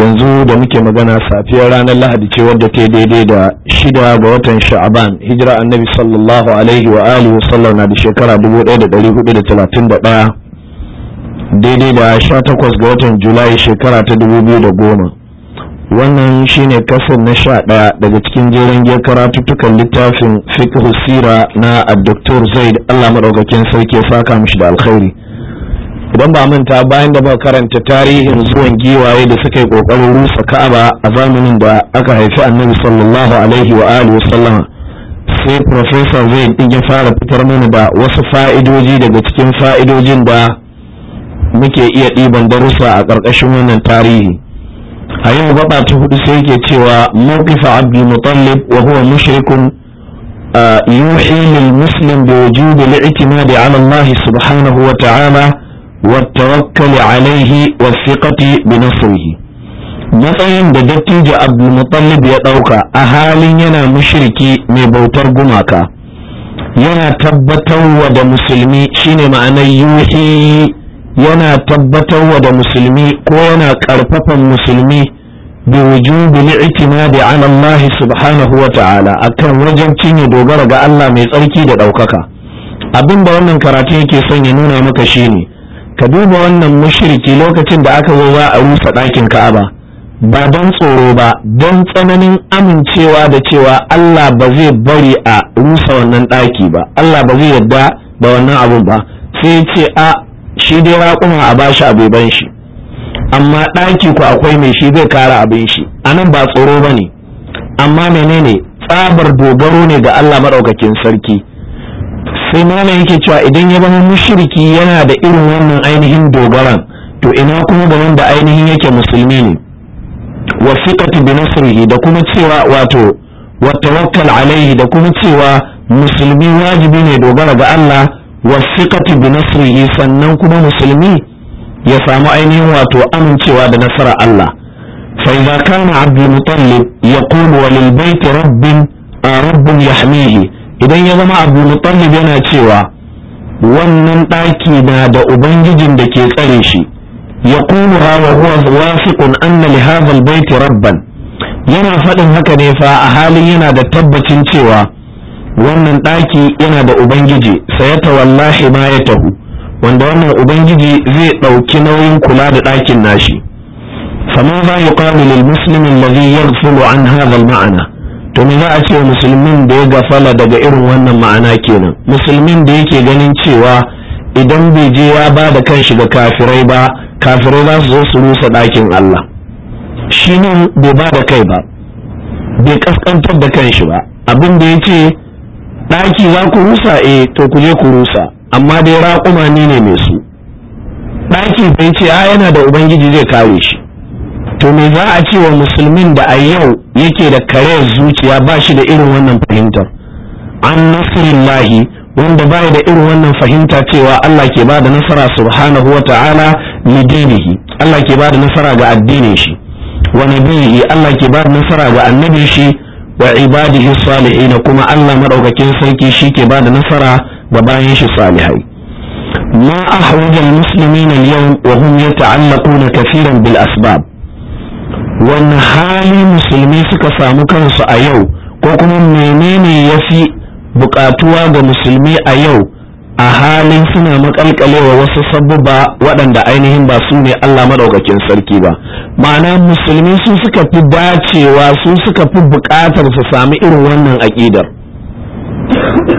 yanzu da muke magana safiyar ranar lahadi ce wadda ta daidai da shida ga watan sha'aban hijira annabi sallallahu alaihi wa alihi wasallam na da shekara 1431 daidai da 18 ga watan julai shekara ta 2010 wannan shine kasar na sha daga cikin jeren giyar karatuttukan littafin fiqh sira na abdoktor zaid allah maɗaukakin sarki ya saka mishi da alkhairi idan ba manta bayan da ba karanta tarihin zuwan giwaye da suka yi kokarin rusa ka'aba a zamanin da aka haifi annabi sallallahu alaihi wa alihi sai professor zai din ya fara fitar mana da wasu fa'idoji daga cikin fa'idojin da muke iya ɗiban darussa a ƙarƙashin wannan tarihi a yau gaba ta hudu sai yake cewa mawqifa abdul mutallib wa huwa mushrikun yuhi lil muslim bi wujudi al-i'timadi ala Allah subhanahu wa ta'ala والتوكل عليه والثقة بنصره matsayin da dattijo abdulmutallib ya ɗauka a halin yana mushriki mai bautar gumaka yana tabbatarwa da musulmi shine ma'anar yuhi yana tabbatarwa da musulmi ko yana ƙarfafan musulmi bi wujubi li'timadi ala Allah subhanahu wa ta'ala akan wajen cinye dogara ga Allah mai tsarki da ɗaukaka abin da wannan karatu yake son ya nuna maka shine ka duba wannan mushriki lokacin da aka zo za a rusa ɗakin ka'aba ba don tsoro ba don tsananin amincewa da cewa Allah ba zai bari a rusa wannan ɗaki ba Allah ba zai yarda da wannan abun ba sai ce a shi dai raƙuma a bashi abu ban shi amma ɗaki ku akwai mai shi zai kara abin shi a nan ba tsoro ba ne amma menene tsabar dogaro ne ga Allah maɗaukakin sarki sai mana yake cewa idan ya zama mushriki yana da irin wannan ainihin dogaran to ina kuma ga wanda ainihin yake musulmi ne wa fiqati bi nasrihi da kuma cewa wato wa tawakkal alaihi da kuma cewa musulmi wajibi ne dogara ga Allah wa fiqati bi nasrihi sannan kuma musulmi ya samu ainihin wato amincewa da nasara Allah fa idza kana abdul mutallib yaqulu wa lil bayti rabbin rabbun yahmihi idan ya zama abu mutallib yana cewa wannan ɗaki na da ubangijin da ke tsare shi ya kuma wa huwa wasiqun anna li hadha albayt rabban yana faɗin haka ne fa a halin yana da tabbacin cewa wannan ɗaki yana da ubangiji sayata wallahi ma ya tahu wanda wannan ubangiji zai ɗauki nauyin kula da ɗakin nashi فماذا يقال للمسلم الذي يغفل عن هذا المعنى to me za a ce musulmin da ya gafala daga irin wannan ma'ana kenan musulmin da yake ganin cewa idan bai je ya ba da kanshi ga kafirai ba kafirai za su zo su rusa ɗakin Allah shi ne bai ba da kai ba bai kaskantar da kanshi ba abin da ya ce ɗaki za ku rusa eh to ku je ku rusa amma dai raƙuma ne ne mai su ɗaki bai ce a yana da ubangiji zai kare shi to me za a ce wa musulmin da a yau yake da kare zuciya ba shi da irin wannan fahimtar an nasirillahi wanda ba da irin wannan fahimta cewa Allah ke ba da nasara subhanahu wa ta'ala lidinihi Allah ke ba da nasara ga addinin shi wa nabiyihi Allah ke ba da nasara ga annabin shi wa ibadihi salihin kuma Allah madaukakin sarki shi ke ba da nasara ga bayan shi salihai ما أحوج المسلمين اليوم وهم يتعلقون كثيرا بالأسباب wani hali musulmi suka samu kansu a yau ko kuma menene ya fi bukatuwa ga musulmi a yau a halin suna makalkalewa wasu sabubba waɗanda ainihin ba su ne Allah maɗaukakin sarki ba ma'ana musulmi su suka fi dacewa su suka fi buƙatar su sami irin wannan aƙidar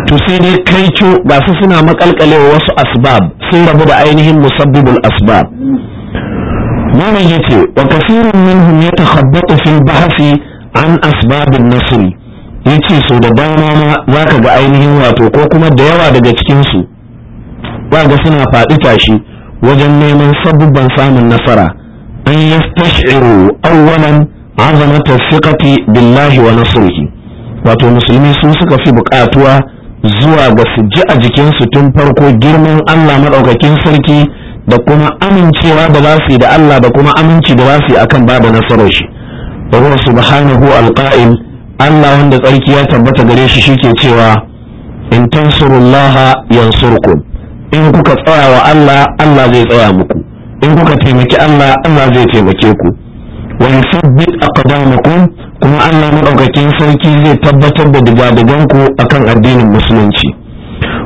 to sai dai kai co ba su suna makalkalewa wasu asbab sun rabu da ainihin musabbibul asbab malam yace wa kasirun minhum yatakhabbatu fil bahsi an asbabin ya yace so da dama ma zaka ga ainihin wato ko kuma da yawa daga cikin su ga suna faɗi tashi wajen neman sabubban samun nasara an yastashiru awwalan sikati thiqati billahi wa nasrihi wato musulmi sun suka fi bukatuwa zuwa ga su ji a jikinsu tun farko girman Allah maɗaukakin sarki da kuma amincewa da za da Allah da kuma aminci da za akan babu nasarar shi wa subhanahu alqa'il Allah wanda tsarki ya tabbata gare shi ke cewa in tansurullaha yansurkum in kuka tsaya wa Allah Allah zai tsaya muku in kuka taimaki Allah Allah zai taimake ku wa yusabbit aqdamakum kuma Allah madaukakin sarki zai tabbatar da digadigan ku akan addinin musulunci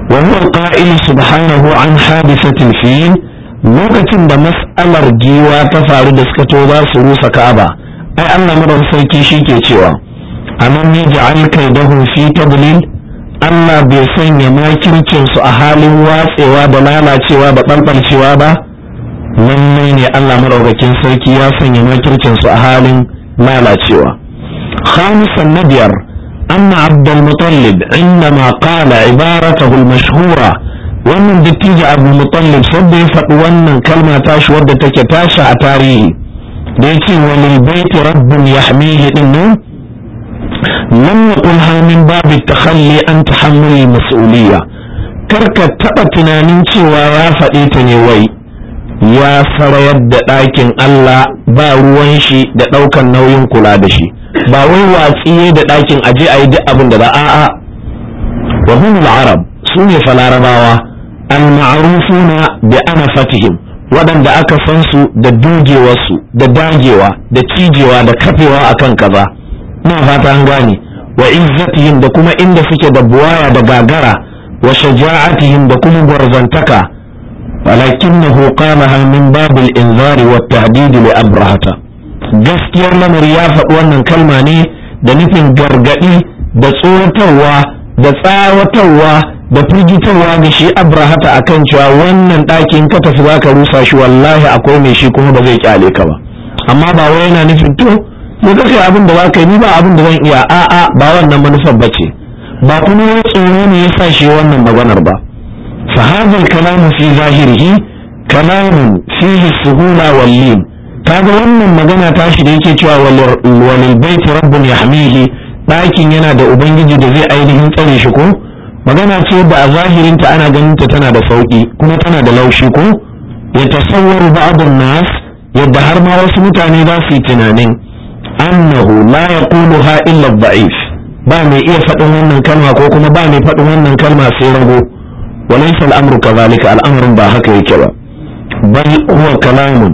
wa huwa qa'il subhanahu an hadisatin fiil lokacin da mas'alar giwa ta faru da suka to za su rusa ka'aba ai Allah madan sarki ke cewa anan ne ja'al kaidahu fi tadlil Allah bai sanya makircin su a halin watsewa da lalacewa da ɓanɓarcewa ba lallai ne Allah madaukakin sarki ya sanya makircin su a halin lalacewa khamisan na biyar anna abdul mutallib ma qala ibaratahu al-mashhura wannan dattijo abu mutallib sadda ya faɗi wannan kalma tashi wadda take tasha a tarihi da ya ce wa lil baiti yahmihi din nan lam yaqul hamin babu takhalli an tahammuli mas'uliyya karka taba tunanin cewa ya faɗe ta ne wai ya sarayar da ɗakin Allah ba ruwan shi da ɗaukan nauyin kula da shi ba wai watsiye da ɗakin aje a yi duk abin da ba a'a wa hum al-arab su ne falarabawa al-ma'rufuna bi anafatihim waɗanda aka san su da dugewarsu da dagewa da cijewa da kafewa akan kaza ina fata an gane wa izzatihim da kuma inda suke da buwaya da gagara wa shaja'atihim da kuma gwarzantaka ولكنه قامها من باب الانذار والتهديد لابرهه gaskiyar lamari ya faɗi wannan kalma ne da nufin gargaɗi da tsoratarwa da tsawatarwa da firgitarwa da shi abrahata kan cewa wannan ɗakin ka tafi za ka rusa shi wallahi akwai mai shi kuma ba zai kyale ka ba amma ba wai yana nufin to mu ka kai abin da za ka yi ba abin da zan iya a'a ba wannan manufar ba ce ba kuma wani tsoro ne ya sa shi wannan maganar ba sahabar kalamu fi zahirihi kalamu fihi suhula wal ta kaga wannan magana ta shi da yake cewa walil baiti rabbun yahmihi ɗakin yana da ubangiji da zai ainihin tsare shi ko magana ce da a zahirinta ana ganin ta tana da sauki kuma tana da laushi ko ya tasawwaru ba'dun nas yadda har ma wasu mutane za su yi tunanin annahu la yaquluha illa dha'if ba mai iya faɗin wannan kalma ko kuma ba mai faɗin wannan kalma sai rago walaysa al-amru kadhalika al'amarin ba haka yake ba bal huwa kalamun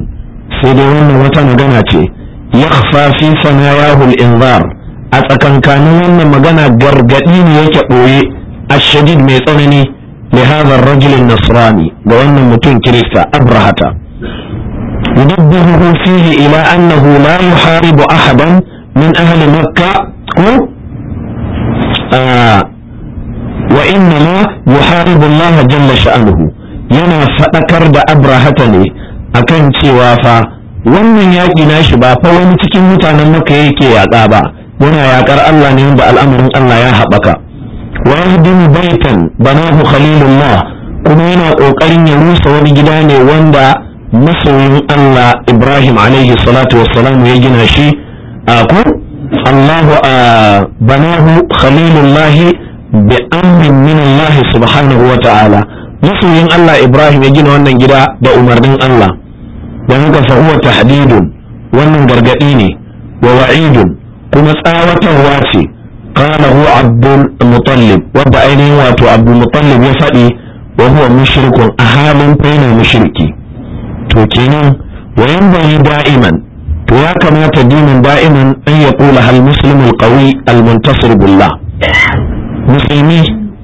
sai dai wannan wata magana ce yakhfa fi sanayahu al-inzar a tsakankanin wannan magana gargadi ne yake ɓoye ashadid mai tsanani li hadha ar nasrani ga wannan mutum kirista abrahata yudabbihu fihi annahu la yuharibu ahadan min yana da abrahata ne cewa fa wannan yaƙi nashi ba fa wani cikin mutanen maka yake yaƙa ba yana yaƙar Allah ne wanda al'amarin Allah ya haɓaka wa yahdin baitan banahu khalilullah kuma yana kokarin ya rusa wani gida ne wanda masoyin Allah Ibrahim alaihi salatu wassalam ya gina shi a ku Allahu banahu bi amrin min subhanahu wa ta'ala masoyin Allah Ibrahim ya gina wannan gida da umarnin Allah da haka fa huwa tahdidun wannan gargaɗi ne wa wa'idun kuma tsawatarwa ce qalahu abdul mutallib wanda ainihin wato abdul mutallib ya faɗi wa huwa mushrikun a halin faina mushriki to kenan wa yanbaghi da'iman ya kamata dinin da'iman an ya kula hal muslimul qawi al muntasir billah musulmi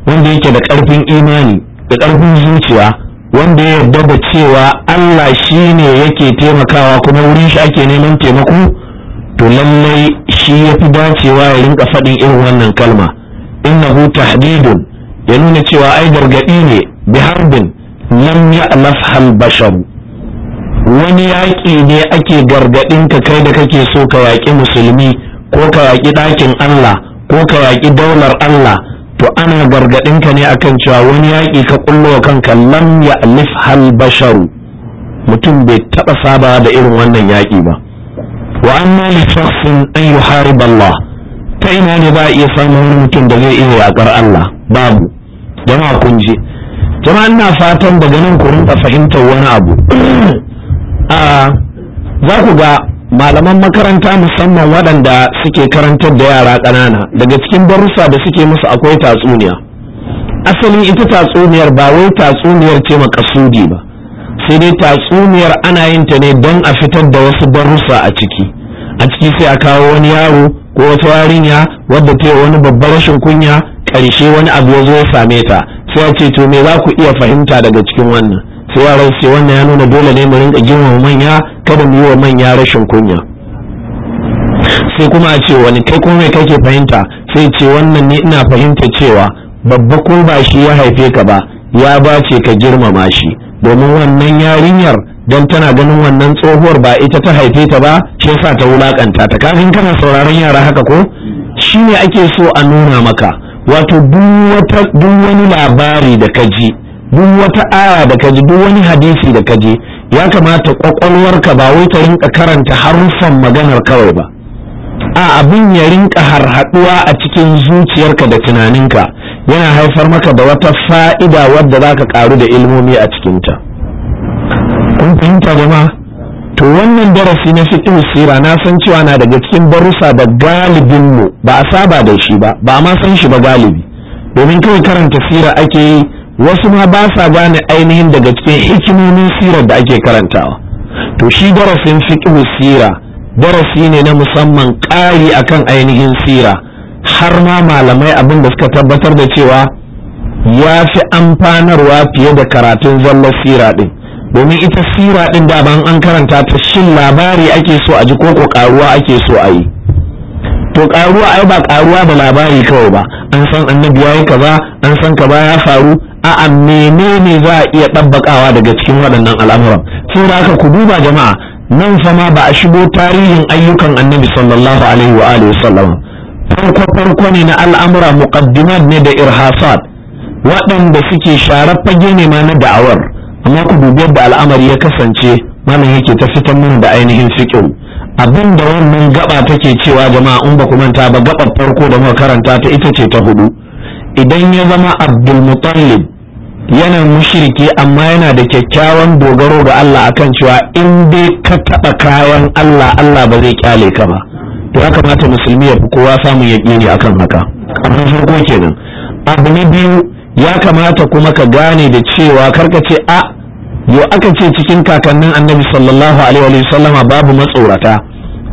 wanda yake da ƙarfin imani da karfin zuciya wanda ya yarda da cewa Allah shi ne yake taimakawa kuma wurin shi ake neman taimako to lallai shi ya fi dacewa ya rinka faɗin irin wannan kalma innahu tahdidun ya nuna cewa ai gargaɗi ne bi harbin lam ya'laf hal bashar wani yaƙi ne ake gargaɗin ka kai da kake so ka yaƙi musulmi ko ka yaƙi ɗakin Allah ko ka yaƙi daular Allah to ana gargaɗin ka ne akan cewa wani yaƙi ka kullo kanka lam ya'lif hal bashar mutum bai taɓa saba da irin wannan yaƙi ba wa amma li shakhsin an yuharib Allah ta ina ne ba iya samun wani mutum da zai iya yakar Allah babu jama'a kun ji jama'a ina fatan daga nan ku rinka fahimtar wani abu a za ku ga malaman makaranta musamman waɗanda suke karantar da yara ƙanana daga cikin barusa da suke musu akwai tatsuniya asalin ita tatsuniyar ba wai tatsuniyar ce makasudi ba sai dai tatsuniyar ana yin ta ne don a fitar da wasu darussa a ciki a ciki sai a kawo wani yaro ko wata yarinya wadda ta yi wani babban rashin kunya karshe wani abu ya zo ya same ta sai a ce to me za ku iya fahimta daga cikin wannan sai yaran sai wannan ya nuna dole ne mu rinka girmama manya kada mu yi wa manya rashin kunya sai kuma a ce wani kai kuma mai kake fahimta sai ce wannan ne ina fahimta cewa babba ko ba shi ya haife ka ba ya bace ka girmama shi domin wannan yarinyar don tana ganin wannan tsohuwar ba ita ta haife ta ba shi sa ta wulaƙanta ta kafin kana sauraron yara haka ko shi ne ake so a nuna maka wato duk wani labari da ka ji duk wata aya da ka ji duk wani hadisi da ka ji ya kamata kwakwalwarka ba wai ta rinka karanta haruffan maganar kawai ba a abin ya rinka harhaduwa a cikin zuciyarka da tunaninka yana haifar maka da wata fa'ida wadda za ka karu da ilmomi a cikinta kun fahimta ma to wannan darasi na fiqh sira na san cewa na daga cikin barusa da galibinmu ba a saba da shi ba ba ma san shi ba galibi domin kawai karanta sira ake yi wasu ma ba sa gane ainihin daga cikin hikimomin sirar da ake karantawa to shi darasin fiqh sira darasi ne na musamman ƙari akan ainihin sira har ma malamai abin da suka tabbatar da cewa ya fi amfanarwa fiye da karatun zallar sira ɗin domin ita sira ɗin da ban an karanta ta shin labari ake so a ji ko ko karuwa ake so a yi to karuwa ai ba karuwa da labari kawai ba an san annabi yayi kaza an san kaza ya faru a'a menene za a iya ɗabbakawa daga cikin waɗannan al'amuran sun haka ku duba jama'a nan fa ba a shigo tarihin ayyukan annabi sallallahu alaihi wa alihi farko farko ne na al'amura muqaddimat ne da irhasat waɗanda suke sharar fage ne ma na da'awar amma ku dubi yadda al'amari ya kasance mana yake ta fitan mana da ainihin fiqh abin da wannan gaba take cewa jama'a in ba ku manta ba gabar farko da muka karanta ta ita ce ta hudu idan ya zama abdul muttalib yana mushriki amma yana da kyakkyawan dogaro ga Allah akan cewa in dai ka taɓa kayan Allah Allah ba zai kyale ka ba to ya kamata musulmi ya fi kowa samun yaƙini kan haka abin farko kenan abu na biyu ya kamata kuma ka gane da cewa karka ce a yau aka ce cikin kakannin annabi sallallahu alaihi wa sallama babu matsorata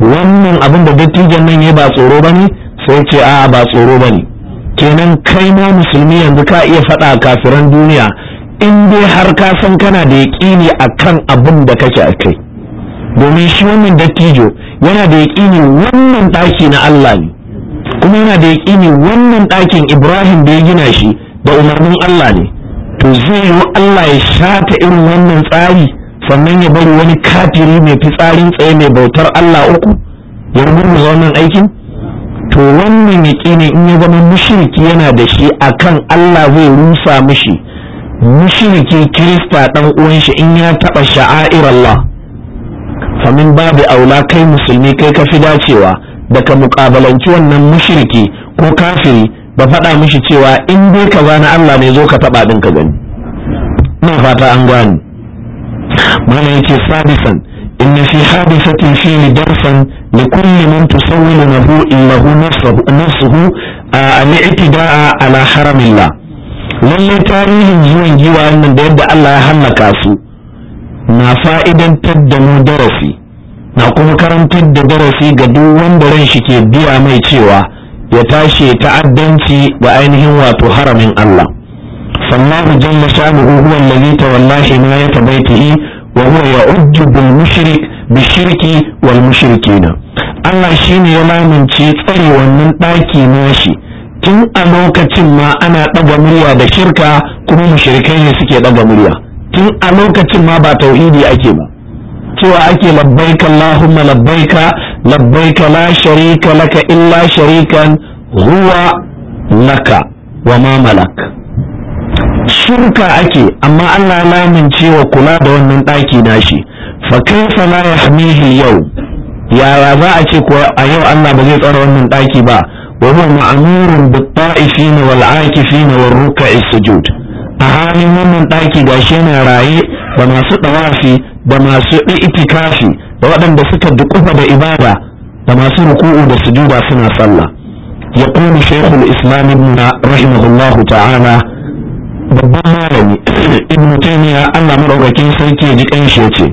wannan abin da dattijan nan ya ba tsoro ba ne sai ce a ba tsoro ba ne kenan kai ma musulmi yanzu ka iya faɗa kafiran duniya in dai har ka san kana da yaƙini kan abin da kake a kai domin shi wannan dattijo yana da yaƙini wannan ɗaki na Allah ne kuma yana da yaƙini wannan ɗakin Ibrahim da ya gina shi da umarnin Allah ne to zai yi Allah ya shata irin wannan tsari sannan ya bari wani kafiri mai fitsarin tsaye mai bautar Allah uku ya rubuta wannan aikin to wannan yaƙini in ya zama mushriki yana da shi akan Allah zai rusa mushi mushriki kirista dan uwan shi in ya taba sha'air Allah famin babu aula kai musulmi kai ka fi dacewa da ka muƙabalanci wannan mushriki ko kafiri ba faɗa mishi cewa in dai ka na Allah ne zo ka taɓa ɗin ka gani ina fata an gwani mana yake sabisan إن في حادثة الفيل درسا لكل من تسول na له نفسه, a الاعتداء da'a حرم الله lallai tarihin zuwan giwa nan da yadda Allah ya hallaka su na fa'idantar da mu darasi na kuma karantar da darasi ga duk wanda ran shi ke biya mai cewa ya tashi ta'addanci ga ainihin wato haramin Allah sallahu jalla sha'anuhu huwa allazi tawalla himayata baitihi wa huwa ya'uddu bil mushrik bi shirki wal mushrikina Allah shine ya lamince tsare wannan daki nashi tun a lokacin ma ana ɗaga murya da shirka kuma mushrikai ne suke ɗaga murya tun a lokacin ma ba tauhidi ake ba cewa ake labbaika Allahumma labbaika labbaika la sharika laka illa sharikan huwa laka wa ma malak shirka ake amma Allah lamince cewa kula da wannan ɗaki nashi fa kaifa la yahmihi yau yaya za a ce kuwa a yau Allah ba zai tsara wannan ɗaki ba wa huwa ma'amurun bi ta'ifina wal akifina wal ruk'i sujud a halin wannan ɗaki shi yana raye da masu ɗawafi da masu itikafi da waɗanda suka dukufa da ibada da masu ruku'u da sujuda suna sallah ya kuma shekul islam ibn rahimahullahu ta'ala babban malami ibn taymiya allah maɗaukakin sarki ya ji ƙanshi ya ce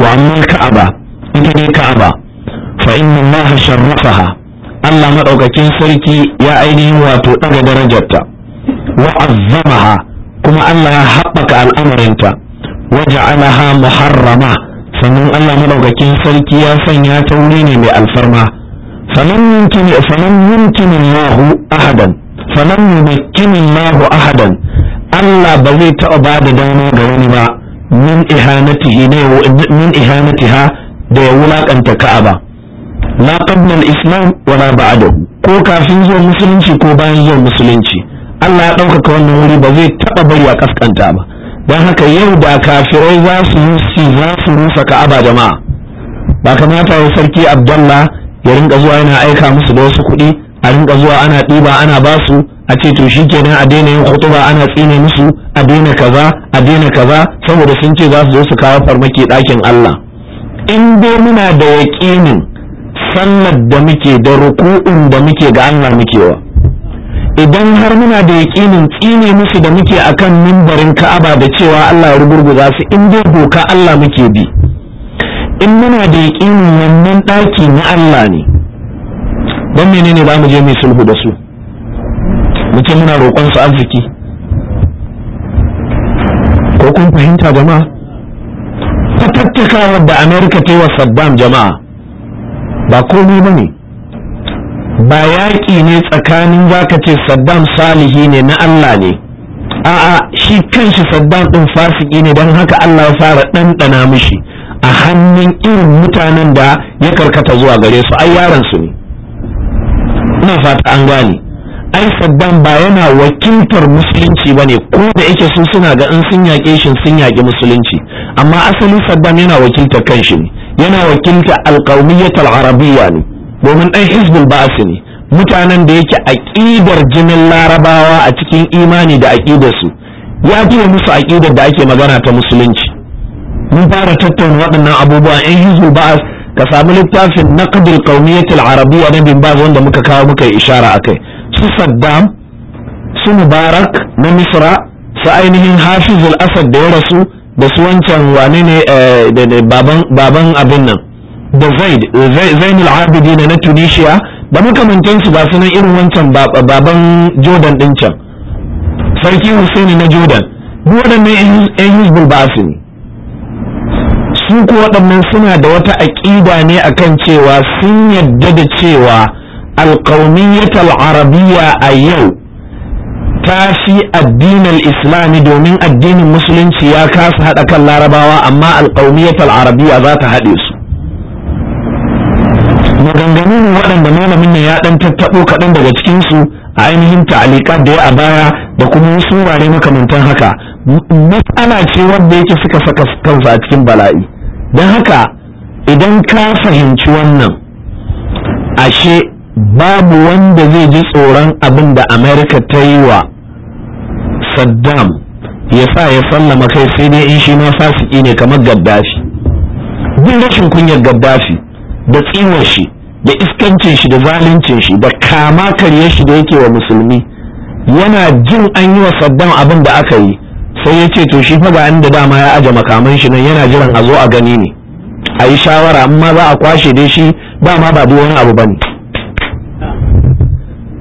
wa amma ka'aba ita ne ka'aba fa inna allaha sharrafaha allah maɗaukakin sarki ya ainihin wato ɗaga darajarta wa azzamaha kuma Allah ya haɓaka al'amarinta alaha muharrama sannan Allah madaukakin sarki ya sanya ta wuri ne mai alfarma falam yumkin Allah ahadan falam Allah ahadan Allah ba zai taɓa ba da dama ga wani ba min ihanatihi ne min ihanatiha da ya wulaƙanta Ka'aba la al-islam wala ba'dahu ko kafin zuwa musulunci ko bayan zuwa musulunci Allah ya ɗaukaka wannan wuri ba zai taɓa bari a kaskanta ba don haka yau da kafirai za su yi za su rusa ka'aba jama'a ba kamata ya sarki abdallah ya rinka zuwa yana aika musu da wasu kuɗi a rinka zuwa ana ɗiba ana basu a ce to shi kenan a daina yin kutuba ana tsine musu a daina kaza a daina kaza saboda sun ce za su zo su kawo farmaki ɗakin Allah in dai muna da yaƙinin sannar da muke da ruku'un da muke ga Allah muke wa idan har muna da yaƙinin tsine musu da muke akan mimbarin ka'aba da cewa Allah ya rugurguza su in dai doka Allah muke bi in muna da yaƙinin wannan ɗaki na Allah ne don menene ba mu je mai sulhu da su muke muna roƙon su arziki ko kun fahimta jama'a tattaka da Amerika ta yi wa Saddam jama'a ba komai ba ne ba yaƙi ne tsakanin zaka ce saddam salihi ne na allah ne a'a shi kanshi saddam ɗin fasiki ne don haka allah ya fara ɗanɗana mishi a hannun irin mutanen da ya karkata zuwa gare su ai yaran su ne ina fata an gane ai saddam ba yana wakiltar musulunci ba ne ko da yake su suna ga in sun yaƙe shi sun yaƙi musulunci amma asali saddam yana wakiltar kanshi ne yana wakiltar alƙawmiyyatul Arabiya ne domin ɗan hizbul ba'asi ne mutanen da yake aƙidar jinin larabawa a cikin imani da su ya fiye musu aƙidar da ake magana ta musulunci mun fara tattauna waɗannan abubuwa ɗan hizbul ba'as ka samu littafin na qadir qaumiyatul arabiyya na bin ba'as wanda muka kawo muka yi ishara akai su saddam su mubarak na misra su ainihin hafizul asad da ya rasu da su wancan wane ne eh, baban abin nan da zaid zainul abidina na tunisia da makamantansu ba sunan irin wancan baban jordan din can sarki husaini na jordan duk waɗannan yan hizbul ba su ne su ko waɗannan suna da wata aƙida ne akan cewa sun yadda da cewa alƙauniyyatar arabiya a yau ta fi addinin islami domin addinin musulunci ya kasa haɗa kan larabawa amma alƙauniyyatar arabiya za ta haɗe su maganganu waɗanda malamin nan ya ɗan tattaɓo kaɗan daga cikinsu a ainihin ta'alika da ya a baya da kuma wasu wurare makamantan haka matsala ce wanda yake suka saka kansa a cikin bala'i don haka idan ka fahimci wannan ashe babu wanda zai ji tsoron abin da amerika ta yi wa saddam ya sa ya sallama kai sai dai in shi ma fasiki ne kamar gaddafi bin rashin kunyar gaddafi da tsiwon shi da iskancin shi da zaluncin shi da kama karyar shi da yake wa musulmi yana jin an yi wa saddam abin da aka yi sai ya ce to shi fa ba da dama ya aje makaman shi nan yana jiran a zo a gani ne a yi shawara amma za a kwashe dai shi ba ma ba wani abu bane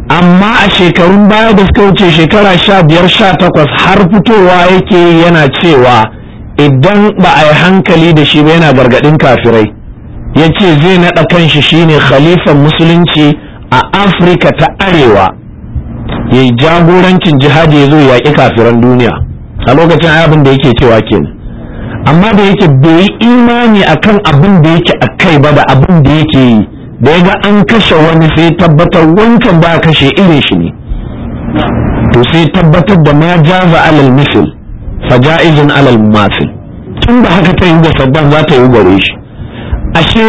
amma a shekarun baya da suka wuce shekara sha biyar sha takwas har fitowa yake yana cewa idan ba a yi hankali da shi ba yana gargadin kafirai ya ce zai naɗa kanshi shine khalifan musulunci a afirka ta arewa ya yi jagorancin jihadi ya zo yaƙi kafiran duniya a lokacin abin da yake cewa kenan amma da yake bai yi imani akan abin da yake a kai ba da abin da yake yi da ya ga an kashe wani sai tabbatar wancan ba kashe irin shi ne to sai tabbatar da ma jaza alal misil izin alal masil tun da haka ta yi ga sabban za ta yi gare shi ashe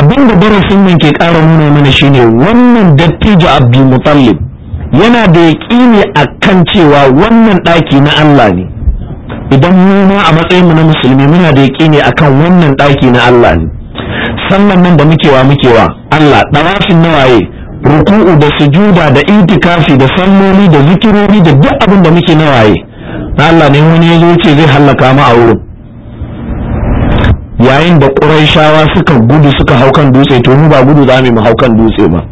abin da darasin nan ke ƙara nuna mana shine wannan dattijo mutallib yana da yaƙini a kan cewa wannan ɗaki na Allah ne idan mu ma a matsayinmu na musulmi muna da yaƙini a kan wannan ɗaki na Allah ne sannan nan da mukewa mukewa Allah ɗawafin nawaye ruku'u da sujuda da itikafi da salloli da zikirori da duk abin da muke nawaye Allah ne wani ya zo ce zai hallaka mu a wurin yayin da ƙurayshawa suka gudu suka hau kan dutse to mu ba gudu za mu hau kan dutse ba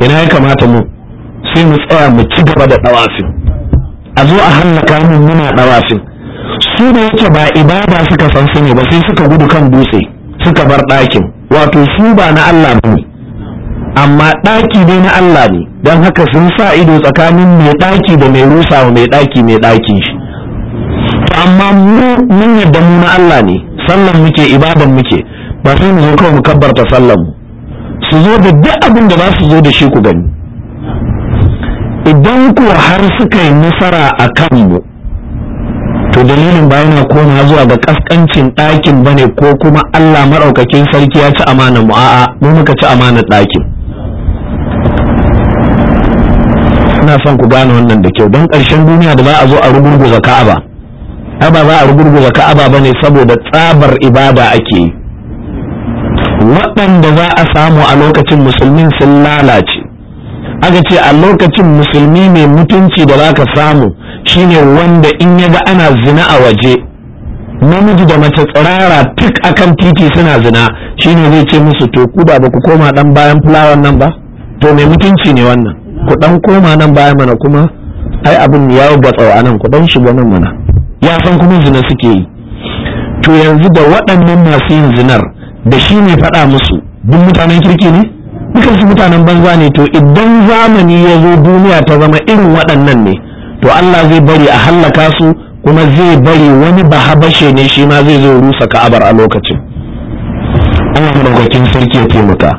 ina ya kamata mu sai mu tsaya mu ci gaba da ɗawafin a zo a hallaka mu muna ɗawafin su da yake ba ibada suka san su ne ba sai suka gudu kan dutse suka bar ɗakin wato su ba na Allah ne amma ɗaki ne na Allah ne don haka sun sa ido tsakanin mai ɗaki da mai rusa mai ɗaki mai ɗakin shi amma mu mun yadda mu na Allah ne sallan muke ibadan muke ba sai mu zo kawai mu kabbarta sallan mu su zo da duk abin da za su zo da shi ku gani idan ku har suka yi nasara a mu to dalilin ba yana koma zuwa ga kaskancin ɗakin ba ne ko kuma Allah maɗaukakin sarki ya ci amanar mu a'a mu muka ci amanar ɗakin ina son ku gane wannan da kyau don ƙarshen duniya da za a zo a rugurguza ka'aba ba za a rugurguza ka'aba ba ne saboda tsabar ibada ake yi waɗanda za a samu a lokacin musulmin sun lalace aka ce a lokacin musulmi mai mutunci da za ka samu shine wanda in ya ana zina a waje namiji da mace tsirara tuk akan titi suna zina shine zai ce musu to ku ba ku koma dan bayan fulawan nan ba to mai mutunci ne wannan ku dan koma nan bayan mana kuma ai abin ya gwatsa a nan ku dan shiga nan mana ya san kuma zina suke yi to yanzu da waɗannan masu yin zinar da shi ne faɗa musu duk mutanen kirki ne dukkan su mutanen banza ne to idan zamani ya zo duniya ta zama irin waɗannan ne to Allah zai bari a hallaka su kuma zai bari wani bahabashe ne shi ma zai zo rusa ka'abar a lokacin Allah madaukakin sarki ya taimaka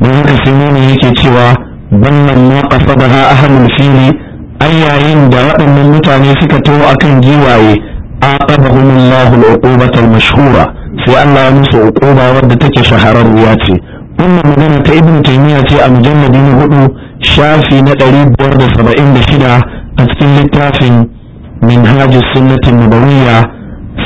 don haka sai yake cewa bannan ma a ahlul fili a yayin da waɗannan mutane suka taho akan giwaye a Allahu al-uqubata al-mashhura sai Allah ya musu uquba wadda take shahararriya ce wannan magana ta Ibn Taymiyyah ce a mujalladi na hudu shafi na 576 a cikin littafin Minhaj as-Sunnah nabawiyya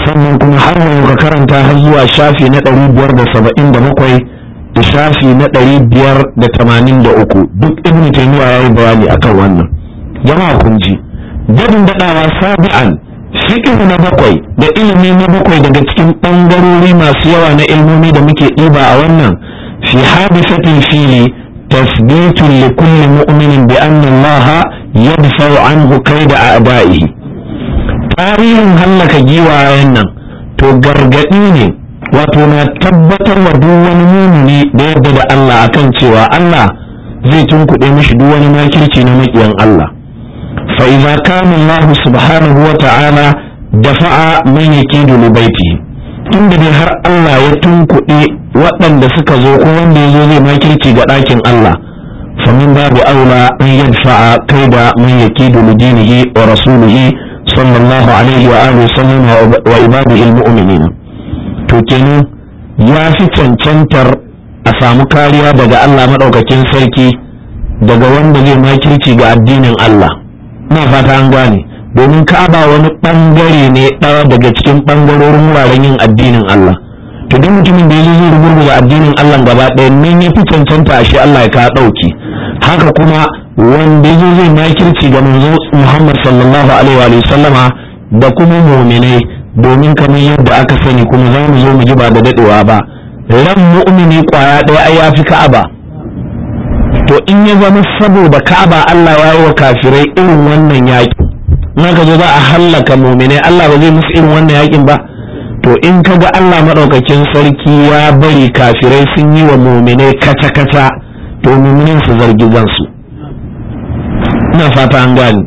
sannan kuma har yau ka karanta har zuwa shafi na 577 da shafi na 583 duk Ibn Taymiyyah ya yi bayani akan wannan jama'a kun ji dadin daɗawa sabi'an fiƙihu na bakwai da ilimi na bakwai daga cikin ɓangarori masu yawa na ilmomi da muke ɗiba a wannan fi hadisatin fili tasbitun li kulli mu'minin bi anna allaha yadfa'u anhu kaida a'da'ihi tarihin hallaka giwayen nan to gargaɗi ne wato na tabbatar wa duk wani mumini da yadda da Allah akan cewa Allah zai tunkuɗe mishi duk wani makirci na maƙiyan Allah fa idza kana subhanahu wa ta'ala dafa'a man yakidu li har Allah ya tunkuɗe waɗanda suka zo ko wanda ya zo zai makirci ga ɗakin Allah fa min babu aula an yadfa'a kaida man yakidu li dinihi wa rasulihi sallallahu alaihi wa alihi sallam wa ibadu almu'minin to kenan ya fi cancantar a samu kariya daga Allah madaukakin sarki daga wanda zai makirci ga addinin Allah na fata an gane domin ka'aba wani bangare ne ɗaya daga cikin bangarorin wuraren yin addinin Allah to duk mutumin da ya zai rugurguza addinin Allah gaba ɗaya ne ya fi cancanta a shi Allah ya ka ɗauki haka kuma wanda ya zai makirci ga manzo Muhammad sallallahu alaihi wa sallama da kuma mu'minai domin kamar yadda aka sani kuma za mu zo mu ji ba da daɗewa ba ran mu'mini kwaya ɗaya ai ya fi ka'aba to in ya zama saboda ka'aba Allah ya wa kafirai irin wannan yaƙi na ka za a hallaka muminai Allah ba zai musu irin wannan yaƙin ba to in ka ga Allah maɗaukakin sarki ya bari kafirai sun yi wa muminai kata-kata to muminin su zargi zansu ina fata an gani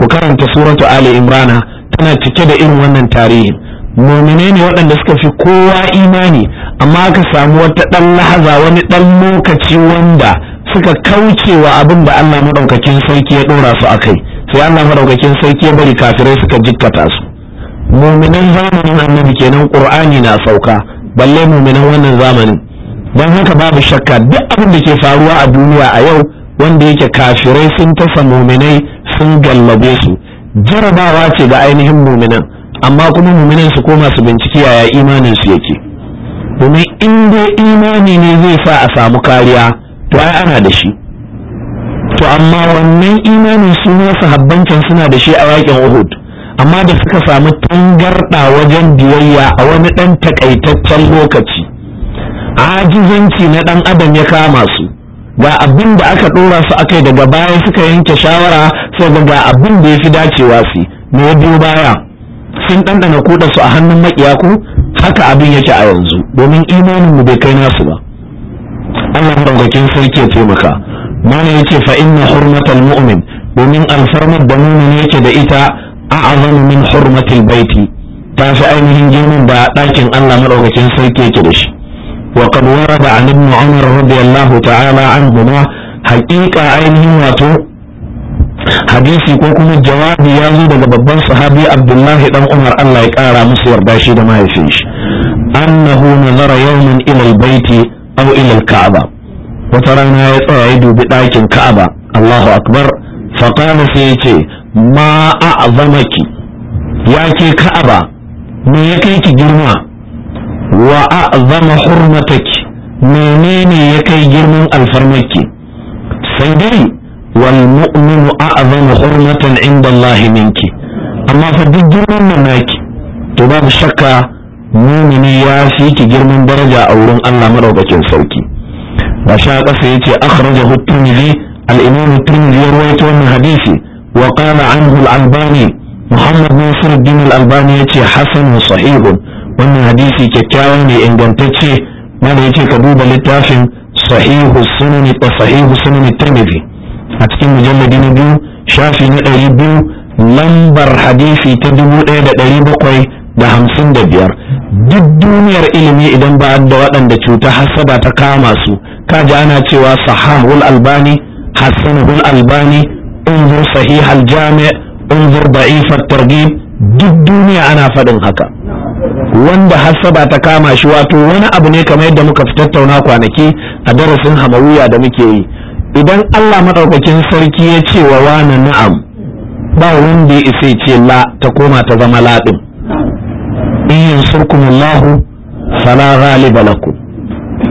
ku karanta suratu Ali Imrana tana cike da irin wannan tarihi muminai ne waɗanda suka fi kowa imani amma ka samu wata ɗan lahaza wani ɗan lokaci wanda suka kauce wa abin da Allah madaukakin sarki ya dora su kai sai Allah maɗaukakin sarki ya bari kafirai suka jikkata su muminan zamanin annabi kenan qur'ani na sauka balle muminan wannan zamanin don haka babu shakka duk abin da ke faruwa a duniya a yau wanda yake kafirai sun tasa muminai sun gallabe su jarabawa ce ga ainihin muminan amma kuma muminan su koma su bincike yaya imanin su yake domin in imani ne zai sa a samu kariya to ai ana da shi to amma wannan imanin su ne sahabbancan suna da shi a yakin Uhud amma da suka samu tangarɗa wajen biyayya a wani ɗan takaitaccen lokaci ajizanci na ɗan adam ya kama su ga abin da aka ɗora su akai daga baya suka yanke shawara sai ga abin da ya fi dacewa su ne ya biyo baya sun ɗanɗana kuɗa su a hannun makiya ko haka abin yake a yanzu domin imanin mu bai kai nasu ba Allah madaukakin sarki ya taimaka mana yace fa inna hurmatal mu'min domin alfarmar da mu'min yake da ita a'azamu min hurmatil baiti ta fi ainihin girman da dakin Allah madaukakin sarki yake da shi wa qad warada an ibn umar radiyallahu ta'ala anhuma haqiqa ainihin wato hadisi ko kuma jawabi ya zo daga babban sahabi abdullahi dan umar allah ya kara musu yarda shi da mahaifin shi annahu nazara yawman ila bayti. aw ila kaaba wata rana ya tsaya ya dubi ɗakin ka'aba Allahu akbar fa qala sai yace ma a'zamaki ya ke ka'aba me ya kai ki girma wa a'zama hurmataki menene ya kai girman alfarmaki sai dai wal mu'minu azama hurmatan inda Allah minki amma fa duk girman mamaki ki. to babu shakka mumini ya fi ki girman daraja a wurin Allah madaukakin sauki ba sha kasa yace akhrajahu at-tirmidhi al-imam at-tirmidhi ya wannan hadisi wa qala anhu al-albani muhammad nasiruddin al-albani yace hasan sahih wannan hadisi kyakkyawa ne ingantacce wanda yace ka duba littafin sahihu sunan ta sunan tirmidhi a cikin mujalladi na biyu shafi na ɗari biyu lambar hadisi ta dubu da ɗari bakwai da hamsin da biyar duk duniyar ilimi idan ba da waɗanda cuta hassaba ta kama su kaji ana cewa sahahul albani hassanahul albani unzur sahih jami unzur da'ifar targhib duk duniya ana faɗin haka wanda hassaba ta kama shi wato wani abu ne kamar yadda muka fi tattauna kwanaki a darasin hamawiya da muke yi idan Allah maɗaukakin sarki ya ce wa wani na'am ba wanda ya isa ce la ta koma ta zama laɗin in yansurkum Allah fala ghaliba lakum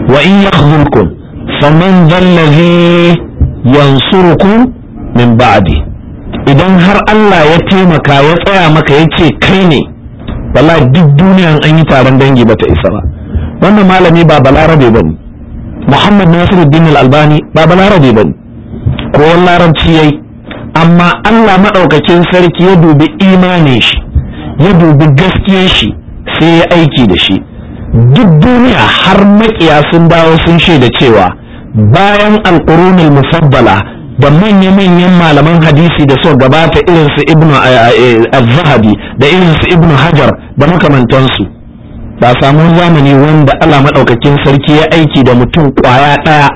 wa in yakhzulkum faman dhal ladhi yansurukum min idan har Allah ya taimaka ya tsaya maka yace kai ne wallahi duk duniyan an yi taron dangi bata isa ba wannan malami ba balarabe bane Muhammad Nasiruddin Al-Albani ba balarabe bane ko larabci yayi amma Allah maɗaukakin sarki ya dubi imanin shi ya dubi gaskiyar shi sai ya aiki da shi duk duniya har makiya sun dawo sun shaida cewa bayan alƙurunin musabbala da manya-manyan malaman hadisi da suka gabata irin su ibnu zahabi da irinsu ibnu hajar da makamantansu ba samu zamani wanda Allah maɗaukakin sarki ya aiki da mutum ƙwaya ɗaya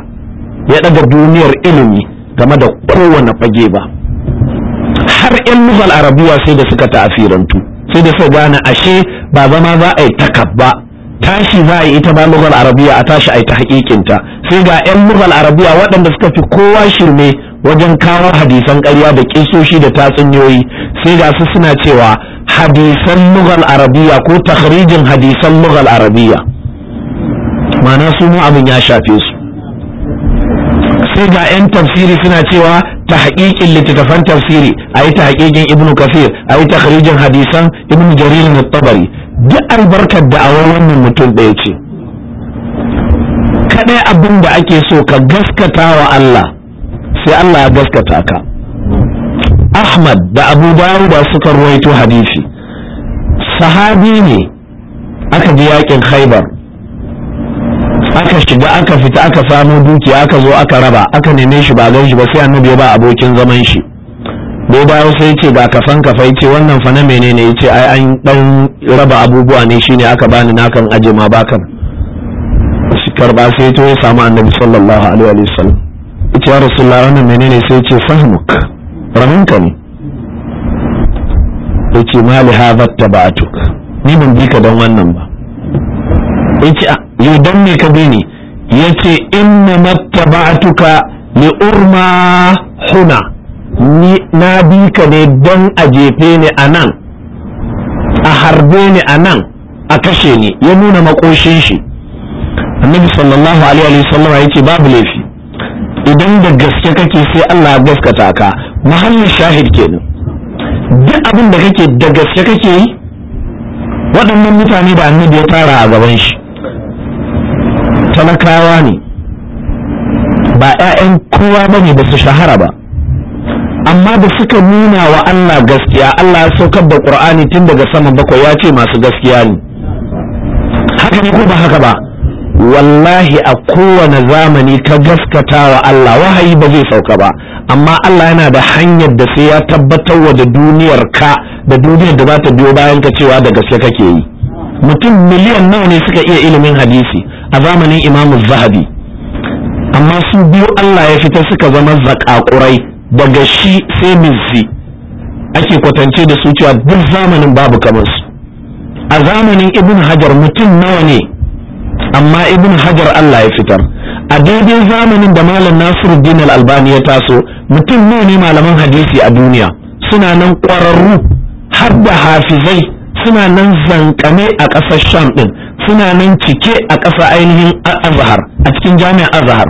ya ɗaga duniyar ilimi game da kowane fage ba har 'yan nufal arabuwa sai da suka ta'afirantu sai da sau gane ashe ba zama za a yi takab ba tashi za a yi ita ba lugal arabiya a tashi a yi ta hakikinta sai ga yan lugal arabiya waɗanda suka fi kowa shirme wajen kawo hadisan ƙarya da kisoshi da tatsuniyoyi sai ga su suna cewa hadisan lugal arabiya ko takhrijin hadisan lugal arabiya ma'ana su mu abin ya shafe su sai ga 'yan tafsiri suna cewa ta haƙiƙin littattafan tafsiri a yi ta haƙiƙin ibnu kafir a yi ta hadisan ibnu jaririn tabari duk albarkar da awon wannan mutum ɗaya ce kaɗai abin da ake so ka gaskata wa Allah sai Allah ya gaskata ka Ahmad da Abu da suka ruwaito hadisi sahabi ne aka ji yaƙin haibar. aka shiga aka fita aka samo dukiya aka zo aka raba aka neme shi ba gan shi ba sai annabi ya ba abokin zaman shi bai dawo sai ce ga kafan kafai ce wannan fa na menene ya ce ai an dan raba abubuwa ne shine aka bani nakan aje ma bakan karba sai to ya samu annabi sallallahu alaihi wa sallam ce ya rasulullahi wannan menene sai ce fahmuk raminka ne yace mali hadha tabatuk ni ban bi ka dan wannan ba yace yau dan ka bi ni yace inna mattaba'atuka li urma huna ni na bi ka ne dan a jefe ni anan a harbe ni anan a kashe ni ya nuna makoshin shi annabi sallallahu alaihi wa sallam yace babu laifi idan da gaske kake sai Allah ya gaskata ka muhallin shahid kenan duk abin da kake da gaske kake yi waɗannan mutane da annabi ya tara a gaban shi talakawa ne ba 'ya'yan kowa ba ne ba su shahara ba amma da suka nuna wa Allah gaskiya Allah ya saukar da kur'ani tun daga saman bakwai ya ce masu gaskiya ne haka ne ko ba haka ba wallahi a kowane zamani ka gaskata wa Allah wahayi ba zai sauka ba amma Allah yana da hanyar da sai ya tabbatar wa da duniyar ka da duniyar da za ta biyo bayan ka cewa da gaske kake yi mutum miliyan nawa ne suka iya ilimin hadisi a zamanin Imam zahabi amma su biyu Allah ya fita suka zama zakakurai daga shi sai mizzi ake kwatance da su cewa duk zamanin babu kamar su a zamanin ibn hajar mutum nawa ne amma ibn hajar Allah ya fitar a daidai zamanin da malam Nasiru al-albani ya taso mutum nawa ne malaman hadisi a duniya suna nan ƙwararru har da hafizai suna nan zankane a ƙasar sham ɗin suna nan cike a ƙasa ainihin azhar a cikin jami'ar azhar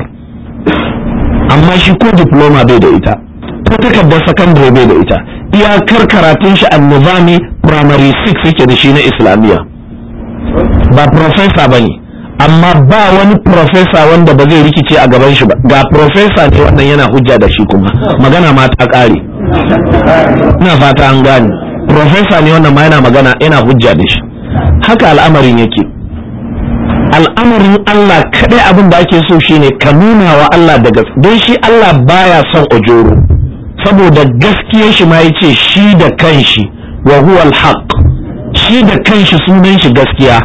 amma shi ko diploma bai da ita ko takardar sakandare bai da ita iyakar karatun shi Nizami primary 6 yake da shi na islamiyya ba profesa ba ne amma ba wani profesa wanda ba zai rikice a gaban shi ba ga profesa ne wannan yana hujja da shi kuma magana ma ta ƙare ina fata an gane profesa ne wannan ma yana magana yana hujja da shi haka al'amarin yake al'amarin Allah kaɗai abin da ake so shine ka nuna wa Allah da gaske don shi Allah baya son ojoro saboda gaskiyar shi ma yace shi da kanshi wa huwa al-haq shi da kanshi sunan shi gaskiya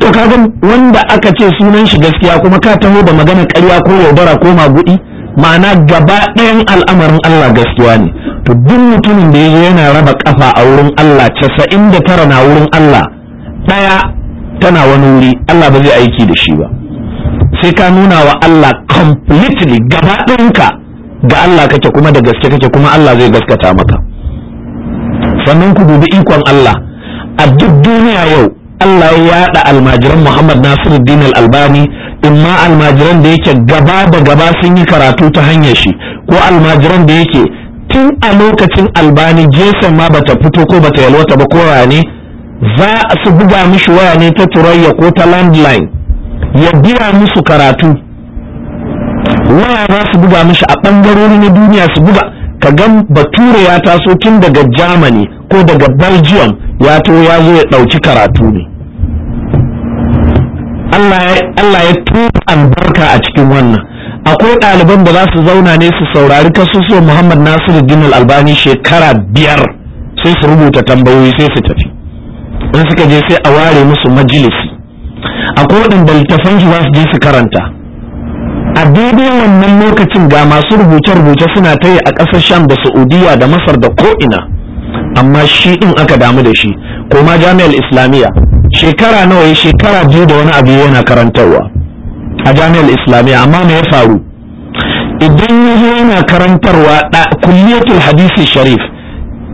to kaga wanda aka ce sunan shi gaskiya kuma ka taho da magana ƙarya ko yaudara ko magudi ma'ana gaba ɗayan al'amarin Allah gaskiya ne to duk mutumin da zo yana raba kafa a wurin Allah 99 na wurin Allah ɗaya tana wani wuri Allah ba zai aiki da shi ba sai ka nuna wa Allah completely gaba ɗinka ga Allah kake kuma da gaske kake kuma Allah zai gaskata maka sannan ku dubi ikon Allah a duk duniya yau Allah ya yada almajiran Muhammad Nasiruddin Al-Albani imma almajiran da yake gaba da gaba sun yi karatu ta hanyar shi ko almajiran da yake tun a lokacin albani jesan ma bata fito ko bata yalwata ba ko ne za su buga mishi waya ne ta turayya ko ta landline ya biya musu karatu waya za su buga mishi a ɓangarori na duniya su buga ka gan bature ya taso tun daga germany ko daga belgium ya to ya zo ya ɗauki karatu ne Allah ya tuba albarka a cikin wannan akwai ɗaliban da za su zauna ne su saurari kasusuwan muhammad nasiru albani shekara biyar sai su rubuta tambayoyi sai su tafi in suka je sai a ware musu majalisi A waɗanda littafan shi za su je su karanta a daidai wannan lokacin ga masu rubuce-rubuce suna ta a ƙasar sham da saudiya da masar da ko'ina amma shi ɗin aka damu da shi ko ma jami'ar islamiyya shekara nawa ya shekara biyu da wani abu yana karantarwa a jami'ar islamiyya amma me ya faru idan ya yana karantarwa kulliyatul hadisi sharif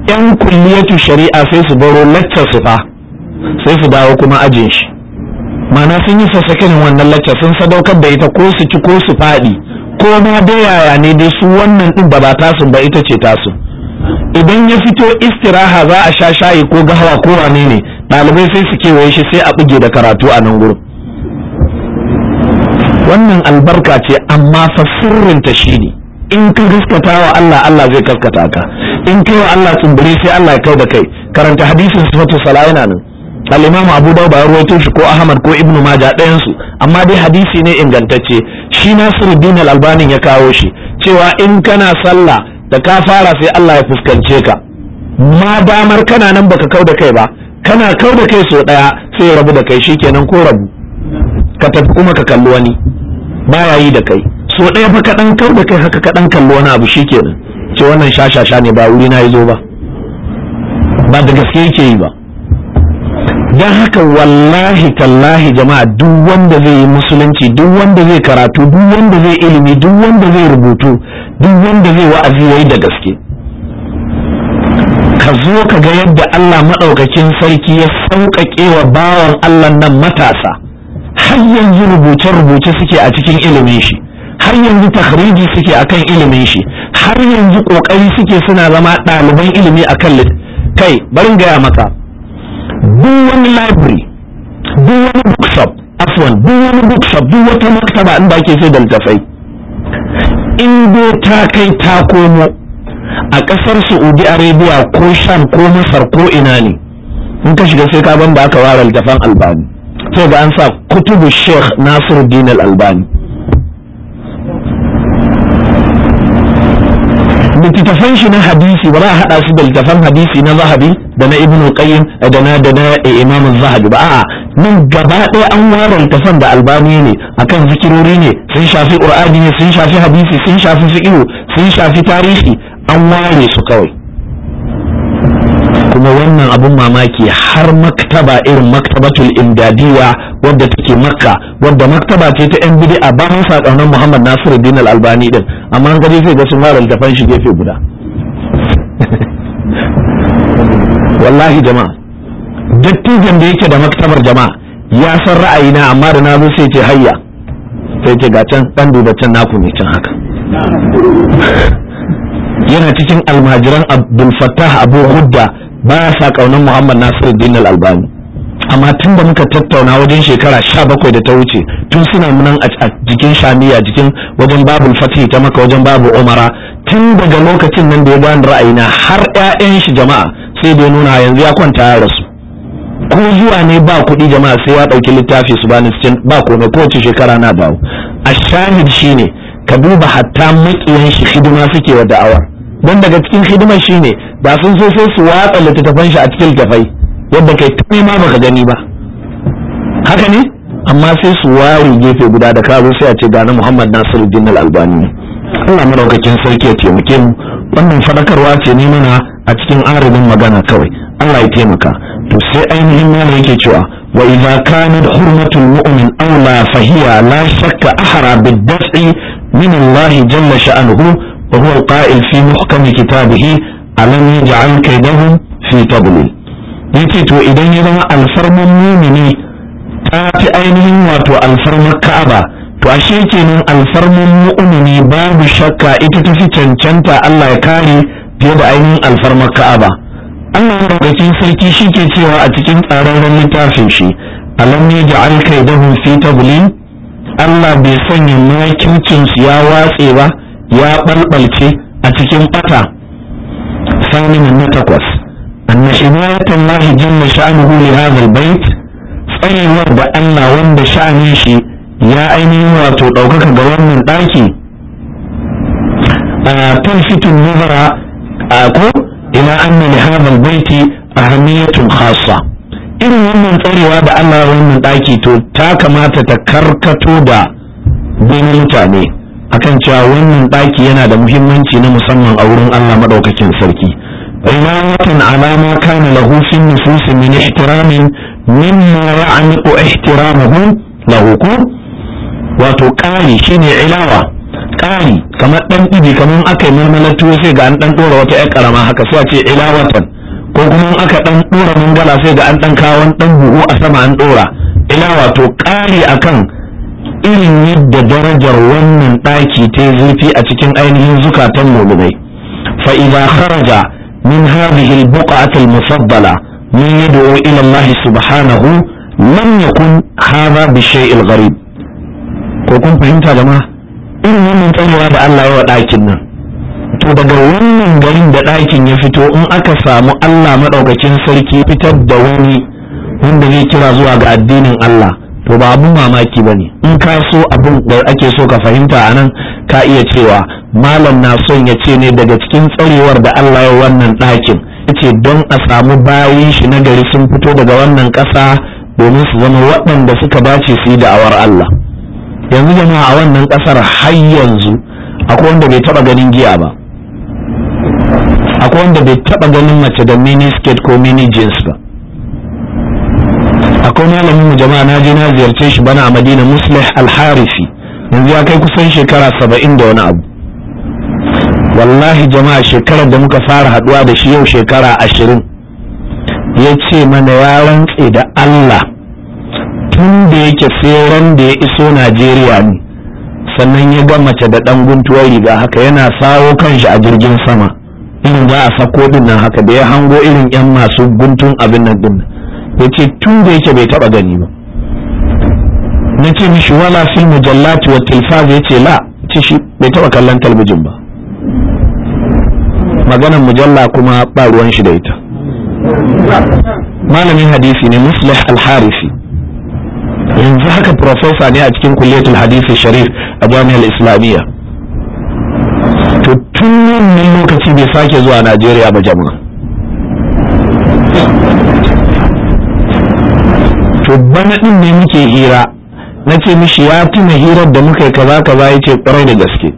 yan kulliyatul shari'a sai su baro lecture su fa sai su dawo kuma ajin shi mana sun yi sasakin wannan lacca sun sadaukar da ita ko su ci ko su faɗi ko ma da yaya ne dai su wannan din ba ba tasu ba ita ce tasu idan ya fito istiraha za a sha shayi ko gahawa ko wane ne ɗalibai sai su kewaye shi sai a buge da karatu a nan gurin wannan albarka ce amma fa sirrinta ne in ka gaskata wa Allah Allah zai kaskata ka in kai wa Allah tsumbure sai Allah ya kai da kai karanta hadisin sifatu sala yana nan al-imamu abu dawud ba rawaito shi ko ahmad ko ibnu majah ɗayan su amma dai hadisi ne ingantacce shi nasiruddin al-albani ya kawo shi cewa in kana sallah da ka fara sai Allah ya fuskance ka ma damar kana nan baka kau da kai ba kana kau da kai so daya sai rabu da kai shikenan ko rabu ka tafi kuma ka kalli wani baya yi da kai so ɗaya fa kaɗan kau da kai haka kaɗan kalli wani abu shikenan ce wannan shashasha ne ba wuri na yi zo ba ba da gaske yake yi ba don haka wallahi tallahi jama'a duk wanda zai yi musulunci duk wanda zai karatu duk wanda zai ilimi duk wanda zai rubutu duk wanda zai wa'azi yayi da gaske ka zo ka ga yadda Allah maɗaukakin sarki ya sauƙaƙe wa bawan Allah nan matasa har yanzu rubuce-rubuce suke a cikin ilimin shi har yanzu takhriji suke akan ilimin shi har yanzu ƙoƙari suke suna zama ɗaliban ilimi akan kai barin gaya maka duk wani library duk wani bookshop afwan duk wani bookshop duk wata maktaba ba ke sai da littafai in dai ta kai ta komo a kasar saudi arabia ko sham ko masar ko ina ne in ka shiga sai ka ban ba aka ware littafan albani sai ga an sa kutubu sheikh Nasiru dinar albani littattafan shi na hadisi ba za a haɗa su da littattafan hadisi na zahabi da na ibn qayyim eh, da na da na eh, imam zahabi ba a'a nan gaba ɗaya an ware littattafan da albani ne akan zikirori ne sun shafi qur'ani ne sun shafi hadisi sun shafi fiqh sun shafi tarihi an ware su kawai kuma wannan abun mamaki har maktaba irin maktabatul imdadiya wadda take makka wadda maktaba ce ta yan bid'a ba mun saƙonan muhammad nasiruddin al-albani din amma an gari sai ga sun mara littafan shi gefe guda wallahi jama'a dattijan da yake da maktabar jama'a ya san ra'ayina amma da na zo sai ce hayya sai ce ga can dan duba can naku ne can haka yana cikin almajiran abdul fattah abu hudda ba ya sa kaunar muhammad nasiru al-albani amma tun da muka tattauna wajen shekara sha bakwai da ta wuce tun suna munan a jikin shamiya jikin wajen babul fatih ta maka wajen babu umara tun daga lokacin nan da ya bani ra'ayina har 'ya'yan shi jama'a sai da ya nuna yanzu ya kwanta ya rasu ko zuwa ne ba kuɗi jama'a sai ya ɗauki littafi su bani cikin ba komai kowace shekara na bawo a shahid ne ka duba hatta maƙiyan shi hidima suke wa da'awar don daga cikin hidimar shi ne. ba sun so sai su watsa littattafan shi a cikin littattafai yadda kai ta nema baka gani ba haka ne amma sai su ware gefe guda da kazo sai a ce gane Muhammad Nasiruddin Al-Albani Allah madaukakin sarki ya taimake mu wannan fadakarwa ce ne mana a cikin arabin magana kawai Allah ya taimaka to sai ainihin mana yake cewa wa idza kanat hurmatul mu'min awla fa hiya la shakka ahra bid-daf'i min Allah jalla sha'anuhu wa huwa al-qa'il fi alam yaj'al kaidahum fi ya yace to idan ya zama alfarman mumini ta fi ainihin wato alfarmar ka'aba to ashe kenan alfarman mu'mini babu shakka ita ta fi cancanta Allah ya kare fiye da ainihin alfarmar ka'aba Allah madaukakin sarki shi ke cewa a cikin tsararren littafin shi alam yaj'al kaidahum fi tadlil Allah bai sanya makircin su ya watse ba ya balbalce a cikin fata الثامنة نتقص أن حماية الله جل شأنه لهذا البيت أي ورد أن وند شأن شيء يا أيني واتو دوكك غوان من داكي آه تلفت النظر أكو إلى أن لهذا البيت أهمية خاصة irin wannan tsarewa da Allah wannan ɗaki to ta kamata ta karkato da gani mutane akan cewa wannan ɗaki yana da muhimmanci na musamman a wurin Allah madaukakin sarki riwayatan alama kana lahu fi nufus min ihtiramin mimma ya'niqu ihtiramuhu lahu ku wato ƙari shine ilawa ƙari kamar dan dibi kamar aka yi marmalar tuwo sai ga an dan dora wata ƴar karama haka sai a ce ilawatan ko kuma aka ɗan ɗora mangala sai ga an dan kawo dan buhu a sama an ɗora ilawa to ƙari akan irin yadda darajar wannan ɗaki ta zurfi a cikin ainihin zukatan mu'minai fa idza kharaja min hadhihi al-buq'at al-mufaddala man yad'u ila Allah subhanahu lam yakun hadha bi shay'il gharib ko kun fahimta jama'a irin wannan tsayawa da Allah ya wa ɗakin nan to daga wannan garin da ɗakin ya fito in aka samu Allah madaukakin sarki fitar da wani wanda zai kira zuwa ga addinin Allah to ba abun mamaki ba ne in ka so abin da ake so ka fahimta a nan ka iya cewa malam na son ya ce ne daga cikin tsarewar da allah ya wannan ɗakin ya ce don a samu bayin shi na gari sun fito daga wannan ƙasa domin su zama waɗanda suka bace su yi da'awar allah yanzu jama'a a wannan ƙasar har yanzu akwai wanda bai taɓa ganin giya ba akwai wanda bai taɓa ganin mace da mini skate ko mini jeans ba akwai malamin mu jama'a na je na ziyarce shi bana a madina muslih al yanzu ya kai kusan shekara saba'in da wani abu wallahi jama'a shekarar da muka fara haduwa da shi yau shekara ashirin ya ce mana ya rantse da allah tun da yake tseren da ya iso najeriya ne sannan ya ga mace da ɗan guntuwar riga haka yana sawo kanshi a jirgin sama irin za a sako nan haka da ya hango irin yan masu guntun abin nan din ya ce tun da yake bai taba gani ba na ce mishi wala fil mujallat wa tilfaz ya ce la ce shi bai taba kallon talbijin ba maganar mujalla kuma ba ruwan shi da ita malamin hadisi ne muslih al harisi yanzu haka profesa ne a cikin kulliyatul hadisi sharif a jami'ar islamiyya to tun wannan lokaci bai sake zuwa najeriya ba jama'a to bana din ne muke hira na ce mishi ya tuna hirar da muka yi kaza kaza ya ce kwarai da gaske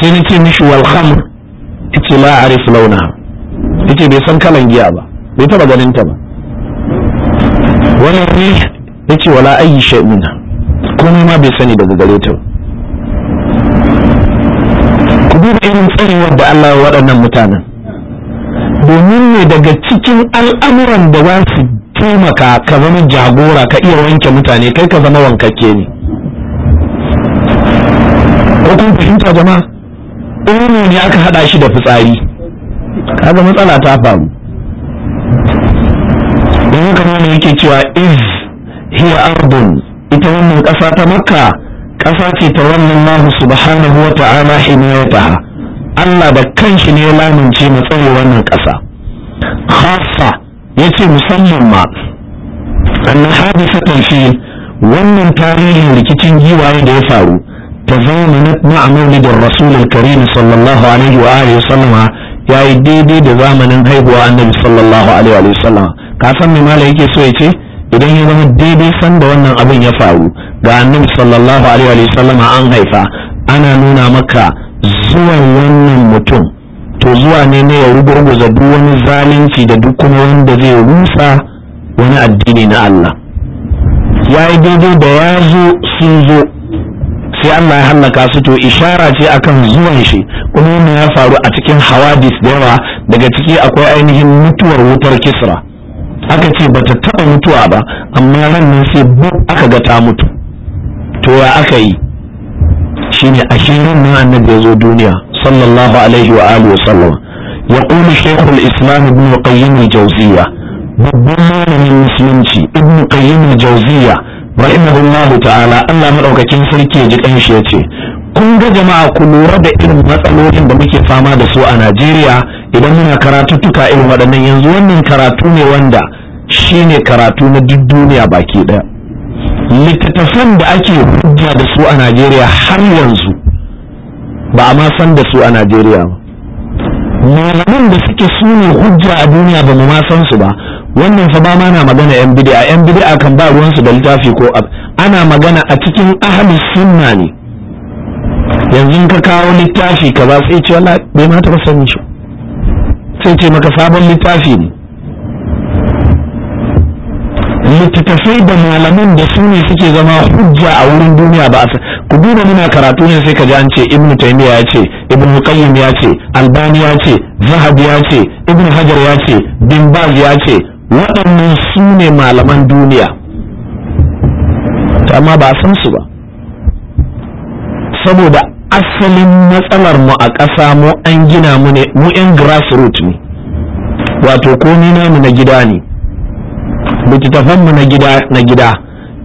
sai na ce mishi wal khamr yace ce la arif launa yace bai san kalan giya ba bai taba ganin ta ba wani ne ya ce wala ayi sha'ina komai ma bai sani daga gare ta ku duba irin tsarewar da Allah ya waɗannan mutanen domin ne daga cikin al'amuran da za su taimaka ka zama jagora ka iya wanke mutane kai ka zama wankakke ne ko kun fahimta jama'a uru ne aka hada shi da fitsari kaga matsala ta faru yanzu kamar ne yake cewa iz hiya ardun ita wannan ƙasa ta makka ƙasa ce ta wannan mahu subhanahu wa ta'ala himayataha Allah da kanshi ne ya lamince mu wannan ƙasa khassa ya ce musamman ma annan hadisa ƙarshe wannan tarihin rikicin giwaye da ya faru ta zamanat ma'a maulidin rasulul karim sallallahu alaihi wa alihi ya yi daidai da zamanin haihuwa annabi sallallahu alaihi wa sallama ka san me mala yake so ya ce idan ya zama daidai sanda wannan abin ya faru ga annabi sallallahu alaihi wa sallama an haifa ana nuna maka zuwan wannan mutum to zuwa ne na ya rugurguza duk wani zalunci da duk kuma wanda zai rusa wani addini na Allah ya yi daidai da ya zo sun zo sai Allah ya hallaka su to ishara ce akan zuwan shi kuma wannan ya faru a cikin hawadis da yawa daga ciki akwai ainihin mutuwar wutar kisra aka ce bata taba mutuwa ba amma ran nan sai aka ga ta mutu to ya aka yi shine ashirin nan annabi ya zo duniya صلى الله عليه وآله وسلم يقول شيخ الإسلام ابن القيم الجوزية بالضمان من مسلمتي ابن القيم الجوزية رحمه ta'ala allah ألا مرأوك كم سلكي يجد أي ce. kun ga jama'a ku lura da irin matsalolin da muke fama da su a Najeriya idan muna karatuttuka irin waɗannan yanzu wannan karatu ne wanda shine karatu na duk duniya baki ɗaya littattafan da ake hujja da su a Najeriya har yanzu ba a ma san da su a Najeriya ba malaman da suke su hujja a duniya ba mu ma san su ba wannan fa ba ma na magana yan bid'a yan bid'a kan ba ruwansu da littafi ko ana magana a cikin ahlus sunna ne yanzu ka kawo littafi ka ba sai ce wallahi bai ma ta sani shi sai ce maka sabon littafi ne littattafai da malaman da su ne suke zama hujja a wurin duniya ba a ku duba muna karatu ne sai ka ji an ce ibnu taymiya ya ce ibnu qayyim ya ce albani ya ce zahabi ya ce ibnu hajar ya ce bin baz ya ce waɗannan su ne malaman duniya amma ba san su ba saboda asalin matsalar mu a ƙasa mu an gina mu ne mu 'yan grassroots ne wato ko komi namu na gida ne littattafan mu na gida na gida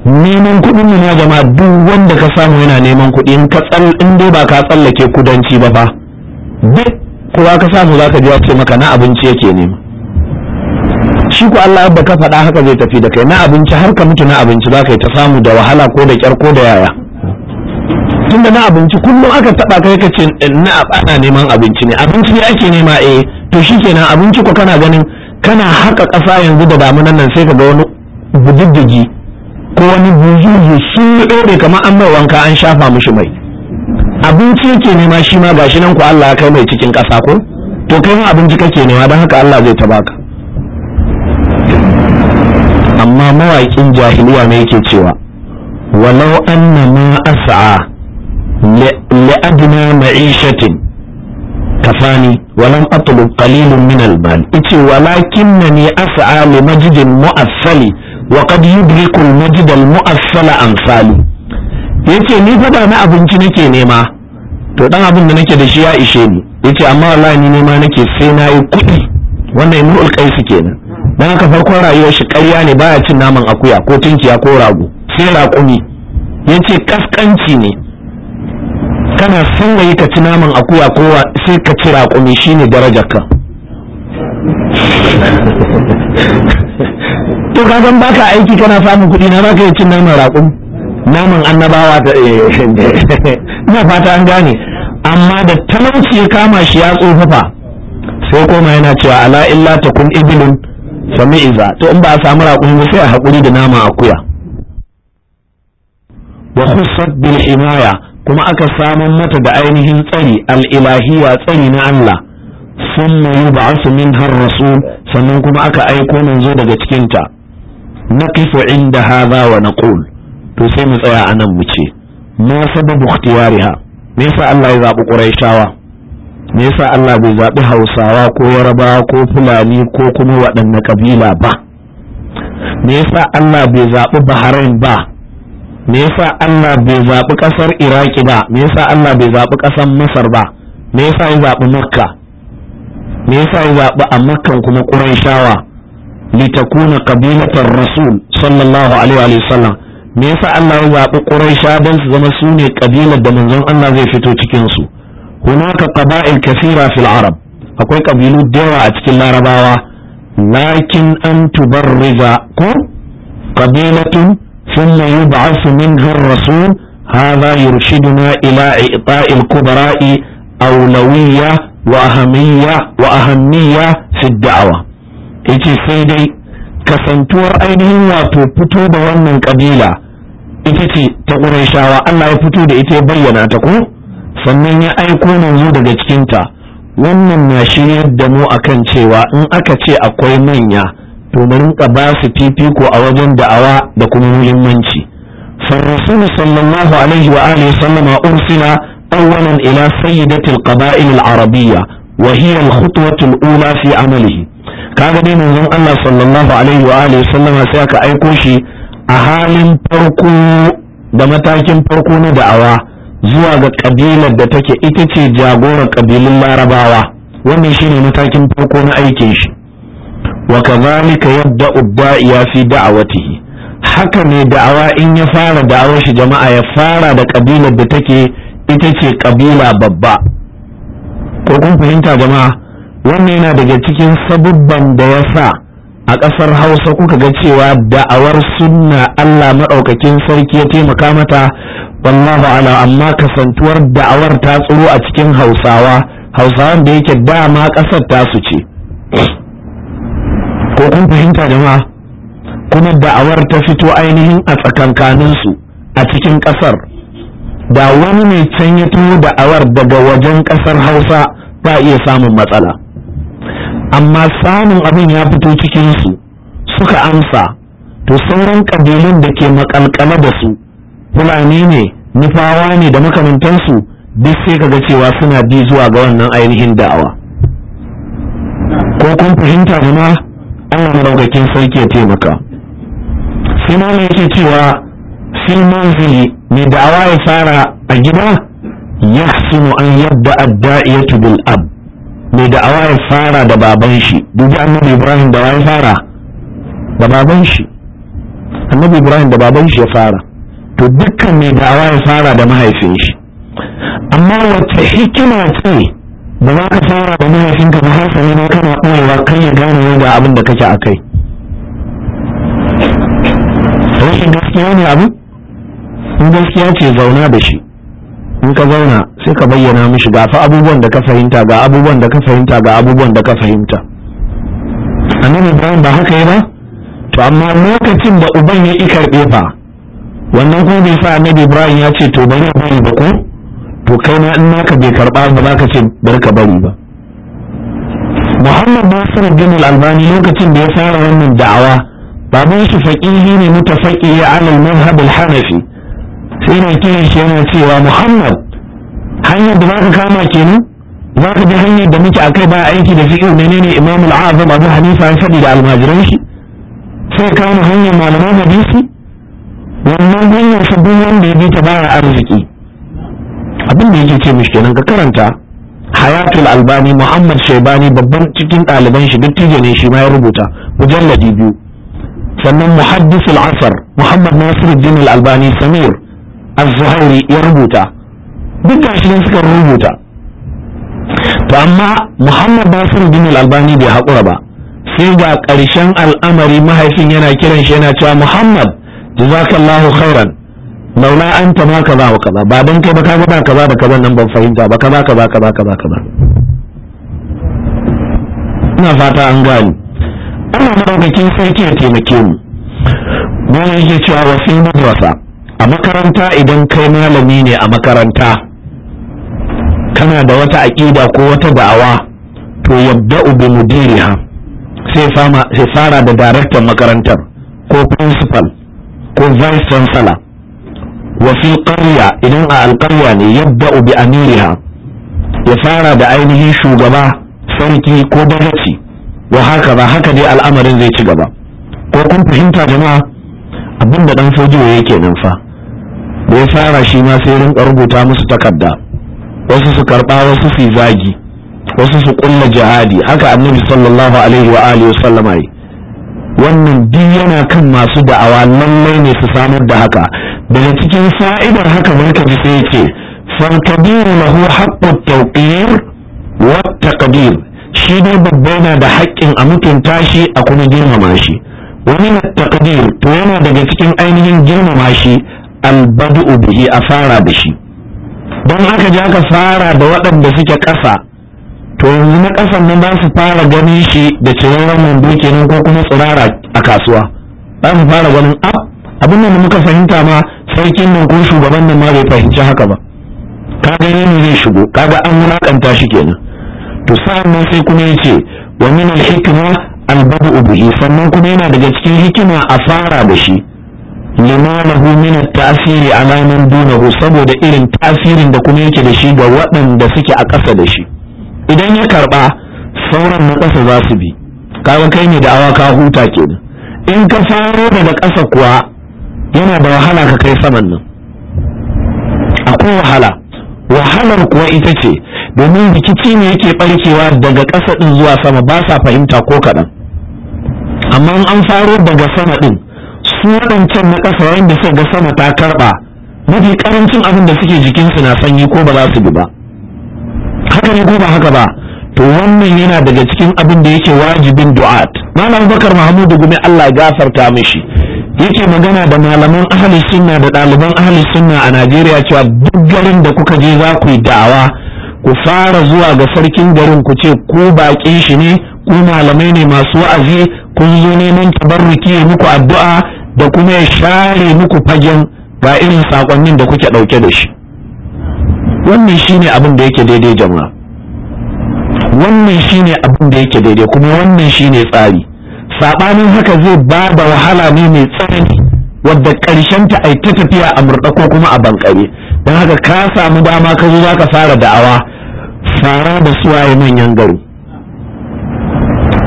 neman kuɗin mu na jama'a duk wanda ka samu yana neman kuɗi in ka tsal in dai ba ka tsallake kudanci ba fa duk kuwa ka samu zaka ji ce maka na abinci yake nema shi ko Allah abba ka faɗa haka zai tafi da kai na abinci har ka mutu na abinci ba yi ta samu da wahala ko da kyar ko da yaya tunda na abinci kullum aka taba kai ka ce na ana neman abinci ne abinci ne ake nema eh to shikenan abinci ko kana ganin kana haka ƙasa yanzu da damunan nan sai ka ga wani budiddigi ko wani buzuzu sun yi ɗore kamar an mai wanka an shafa mishi mai abinci yake nema shi ma gashi nan ku Allah ya kai mai cikin ƙasa ko to kai ma abinci kake nema don haka Allah zai ta baka amma mawakin jahiliya ne yake cewa walau anna ma as'a adna ma'ishatin kafani walam atlub qalilun min al-mal ice walakinnani as'a li majdin mu'assali wa qad yudriku al-majd al-mu'assala amsali yace ni fa ba na abinci nake nema to dan abin da nake da shi ya ishe ni yace amma wallahi ni nema nake sai na yi kuɗi wannan imrul qais kenan dan haka farkon rayuwar shi ƙarya ne baya cin naman akuya ko tunkiya ko rago sai raƙumi yace kaskanci ne kana son yi ka ci naman akuya kowa sai ka ci raƙumi shine darajar ka to ka san baka aiki kana samun kuɗi na baka yi cin naman raƙum. naman annabawa ta ina fata an gane amma da talauci ya kama shi ya tsofafa sai koma yana cewa ala illa takun ibilun sami iza to in ba a samu raƙumi ba sai a haƙuri da nama akuya wa khussat bil himaya kuma aka saman mata da ainihin tsari al'ilahiya tsari na Allah sun mayu ba su min har rasu. sannan kuma aka aiko manzo daga cikinta na kifo inda haza wa na ƙul to sai mu tsaya a nan mu ce ma sababu ikhtiyariha me yasa Allah ya zaɓi ƙuraishawa me yasa Allah bai zaɓi hausawa ko yarabawa ko fulani ko kuma waɗanne ƙabila ba me yasa Allah bai zaɓi bahrain ba me yasa Allah bai zaɓi ƙasar Iraki ba me yasa Allah bai zaɓi ƙasar Masar ba me yasa ya zaɓi Makka me yasa ya zaɓi a Makkan kuma Qurayshawa litakuna qabilatar Rasul sallallahu alaihi wa sallam me yasa Allah ya zaɓi Quraysha don su zama sune ne da manzon Allah zai fito cikin su hunaka qaba'il kasira fil arab akwai kabilu da yawa a cikin larabawa lakin an tubarriza ko qabilatun ثم يبعث منها الرسول هذا يرشدنا إلى إعطاء الكبراء أولوية وأهمية وأهمية في الدعوة يجي سيدي kasantuwar ainihin wato fito da wannan ƙabila. ita ce ta ƙuraishawa Allah ya fito da ita ya bayyana ta ko sannan ya aiko manzo daga cikinta wannan na shiryar da mu akan cewa in aka ce akwai manya to mu rinka ba su fifiko a wajen da'awa da kuma muhimmanci فالرسول صلى الله عليه وآله وسلم أرسل أولا إلى سيدة القبائل العربية وهي الخطوة الأولى في عمله kaga dai manzon Allah sallallahu alaihi wa alihi sallama sai aka aiko shi a halin farko da matakin farko na da'awa zuwa ga kabilar da take ita ce jagorar kabilun Larabawa wannan shine matakin farko na aikin shi wa kadhalika yabda'u ad ya fi da'awatihi haka ne da'awa in ya fara da'awar shi jama'a ya fara da kabilar da take ita ce kabila babba ko kun fahimta jama'a wannan yana daga cikin sabubban da ya sa a kasar hausa kuka ga cewa da'awar sunna allah maɗaukakin sarki ya taimaka mata wallahu ala amma kasantuwar da'awar ta tsuro a cikin hausawa hausawan da yake dama ƙasar tasu ce ko kun fahimta jama'a kuma da'awar ta fito ainihin a tsakankaninsu a cikin ƙasar da wani mai can ya tuwo da'awar daga wajen ƙasar hausa ba iya samun matsala amma samun abin ya fito cikinsu suka amsa to sauran ƙabilun da ke makalkala da su fulani ne nufawa ne da makamantansu duk sai kaga cewa suna bi zuwa ga wannan ainihin da'awa ko kun fahimta jama'a Allah madaukakin sarki ya taimaka sai ma yake cewa fil manzili mai da'awa ya fara a gida ya sunu an yabda adda'iyatu bil ab mai da'awa ya fara da baban shi dubi annabi Ibrahim da ya fara da baban shi annabi Ibrahim da baban shi ya fara to dukkan mai da'awa ya fara da mahaifin shi amma wata hikima ce ba za ka shawara da mahaifinka ba har sai ne kana ɓoyewa kan ya gane yau da abin da kake a kai rashin gaskiya ne abu in gaskiya ce zauna da shi in ka zauna sai ka bayyana mishi ga fa abubuwan da ka fahimta ga abubuwan da ka fahimta ga abubuwan da ka fahimta annabi ibrahim ba haka yi ba to amma lokacin da uban ya ikar fa wannan kuma bai sa annabi ibrahim ya ce to bari a ba ko to kai ma in naka bai karba ba zaka ce barka bari ba Muhammad bin Al-Albani lokacin da ya fara wannan da'awa baban shi faqihi ne mutafaqi ya alal madhhab al-Hanafi sai ne kiran shi yana cewa Muhammad hanyar da zaka kama kenan zaka ji hanyar da muke akai ba aiki da fiqh menene Imam al-Azam Abu Hanifa ya fadi da almajiran shi sai kama hanyar malaman hadisi wannan hanyar sabbin wanda ya bi ta baya arziki abin da yake ce mishi kenan ka karanta hayatul albani muhammad shaibani babban cikin ɗaliban shi dattijo ne shi ma ya rubuta mujalladi biyu sannan muhaddisul asar muhammad nasiruddin al-albani samir az-zuhairi ya rubuta duk ne suka rubuta to amma muhammad nasiruddin al-albani bai haƙura ba sai ga ƙarshen al'amari mahaifin yana kiran shi yana cewa muhammad jazakallahu khairan mauna an ta ma kaza wa kaza ba don kai ba ka ba kaza ba kaza nan ban fahimta ba kaza kaza kaza kaza kaza ina fata an gani Allah madaukakin sarki ya taimake mu yi yake cewa wa mu wasa a makaranta idan kai malami ne a makaranta kana da wata aƙida ko wata da'awa to yabda bi mudiriha sai fara da daraktan makarantar ko principal ko vice chancellor wa fi idan a alqarya ne yabda bi amiriha ya fara da ainihin shugaba sarki ko dagaci wa haka ba haka dai al'amarin zai ci gaba ko kun fahimta jama'a abin da dan fojiwa ke nan fa da ya fara shi ma sai rinka rubuta musu takarda wasu su karɓa wasu su zagi wasu su ƙulla jihadi haka annabi sallallahu alaihi wa alihi wa sallama wannan duk yana kan masu da'awa lallai ne su samar da haka daga cikin fa'idar haka barka ji sai ce farkabiru lahu haqqut tawqir wa taqdir shi ne babba yana da haƙƙin a mutunta shi a kuma girmama shi wani na taqdir to yana daga cikin ainihin girmama shi albadu bihi a fara da shi don haka ja ka fara da waɗanda suke ƙasa to yanzu na kasan nan ba su fara ganin shi da cirarren wando kenan ko kuma tsirara a kasuwa ba su fara ganin ab ah, abin da muka fahimta ma sarkin nan ko shugaban nan ma bai fahimci haka ba kaga ne zai shigo kaga an wulakanta shi kenan to sa'an nan sai kuma yace wa min al-hikma al babu bihi sannan kuma yana daga cikin hikima a fara da shi limanahu min at-ta'siri ala man dunahu saboda irin tasirin da kuma yake da shi ga waɗanda suke a ƙasa da shi idan ya karba sauran na ƙasa za su bi kaga kai ne da awa ka huta kenan in ka faro daga ƙasa kuwa yana da wahala ka kai saman nan akwai wahala wahalar kuwa ita ce domin rikici ne yake barkewa daga ƙasa ɗin zuwa sama ba sa fahimta ko kaɗan amma an faro daga sama ɗin su waɗancan na ƙasa wanda suka ga sama ta karɓa mafi ƙarancin abin da suke jikinsu na sanyi ko ba za su bi ba haka ne ko ba haka ba to wannan yana daga cikin abin da yake wajibin du'at malam bakar mahmudu gumi Allah ya gafarta mishi yake magana da malaman ahli sunna da ɗaliban ahli sunna a Najeriya cewa duk garin da kuka je za ku yi da'awa ku fara zuwa ga sarkin garin ku ce ku baƙin shi ne ku malamai ne masu wa'azi kun zo neman tabarruki ya muku addu'a da kuma ya share muku fagen ba irin sakonnin da kuke ɗauke da shi wannan shine abin da yake daidai jama'a wannan shine abin da yake daidai kuma wannan shine tsari saɓanin haka zai ba da wahala ne mai tsanani wadda ƙarshen ta ai ta tafiya a murɗa ko kuma a bankare don haka ka samu dama ka zo zaka fara da'awa fara da suwaye manyan gari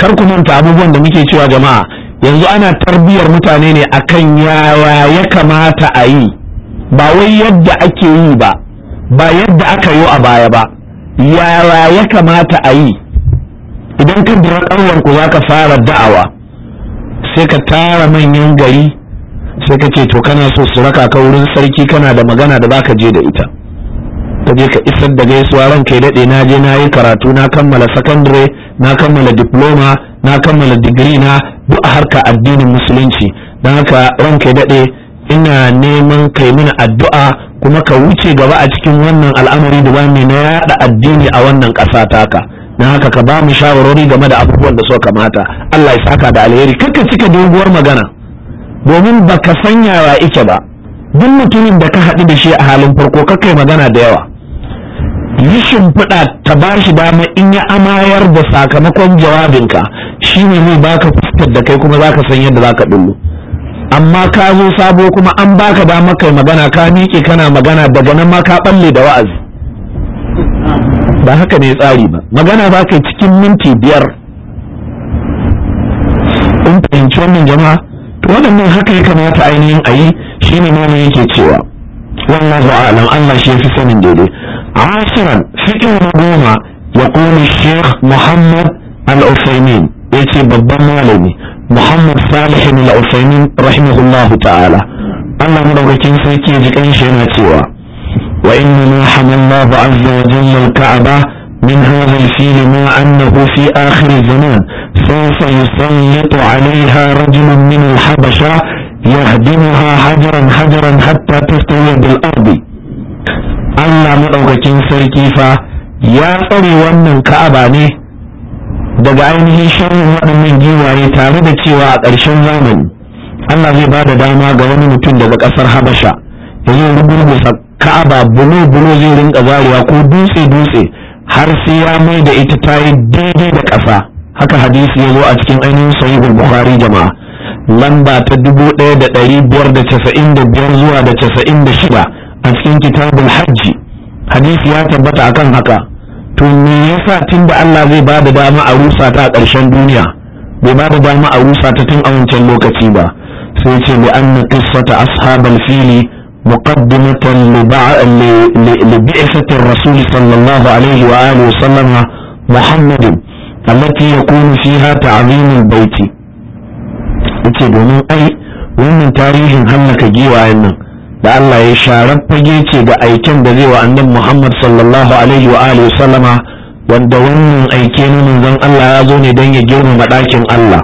kar ku manta abubuwan da muke cewa jama'a yanzu ana tarbiyar mutane ne akan yawa ya kamata a yi ba wai yadda ake yi ba ba yadda aka yi a baya ba Yara ya kamata a yi idan ka bira ku za ka fara da'awa sai ka tara manyan gari sai ka ce to kana so su raka ka wurin sarki kana da magana da baka je da ita ka je ka isar da gaisuwa ran kai daɗe na je na yi karatu na kammala sakandare na kammala diploma na kammala digiri na duk a harka addinin musulunci don haka ran kai daɗe ina neman kai mana addu'a kuma ka wuce gaba a cikin wannan al'amari da wani na yada addini a wannan ƙasa taka na haka ka ba mu shawarwari game da abubuwan da suka kamata Allah ya saka da alheri kanka cika doguwar magana domin baka sanya wa ike ba duk mutumin da ka haɗu da shi a halin farko ka kai magana da yawa yi shimfiɗa ta ba shi dama in ya amayar da sakamakon jawabinka shi shine mai baka fuskar da kai kuma zaka san yadda zaka dullo amma ka zo sabo kuma an baka dama kai magana ka miƙe kana magana daga nan ma ka balle da wa'azi ba haka ne tsari ba magana ba kai cikin minti biyar in fahimci wannan jama'a to waɗannan haka ya kamata ainihin a yi shi ne mana yake cewa wallahu a'lam Allah shi fi sanin daidai asiran fikin goma ya kone sheikh muhammad al-usaimin ya ce babban malami muhammad salih al-usaimin rahimahullahu ta'ala Allah madaukakin sarki ya ji kanshi yana cewa wa inna ma hamalna ba azza wa jalla al-ka'aba min hadha al-fil ma annahu fi akhir zaman sawfa yusallitu 'alayha rajulun min al-habasha yahdimuha hajaran hajaran hatta tastawi bil ardi Allah madaukakin sarki fa ya tsare wannan ka'aba ne daga ainihin shirin waɗannan giwaye tare da cewa a ƙarshen zamani Allah zai ba da dama ga wani mutum daga ƙasar Habasha ya zo rugurgusa Ka'aba bulo-bulo zai rinka zarewa ko dutse-dutse har sai ya mai da ita ta yi daidai da ƙasa haka hadisi ya zo a cikin ainihin sahihul Bukhari jama'a lamba ta dubu ɗaya da ɗari biyar da casa'in da biyar zuwa da casa'in da shida a cikin kitabul hajji hadisi ya tabbata akan haka to me yasa tun da Allah zai ba da dama a rusa ta a ƙarshen duniya bai ba da dama a rusa ta tun a wancan lokaci ba sai ce li anna qissata ashabal fili muqaddimatan li bi'sati rasul sallallahu alaihi wa alihi wa sallama muhammadin allati yakunu fiha ta'zimul baiti yace domin ai wannan tarihin hallaka giwayen nan da Allah ya sharar fage ce da aiken da zai wa annabi Muhammad sallallahu alaihi wa alihi sallama wanda wannan aike ne zan Allah ya zo ne don ya girmama ɗakin Allah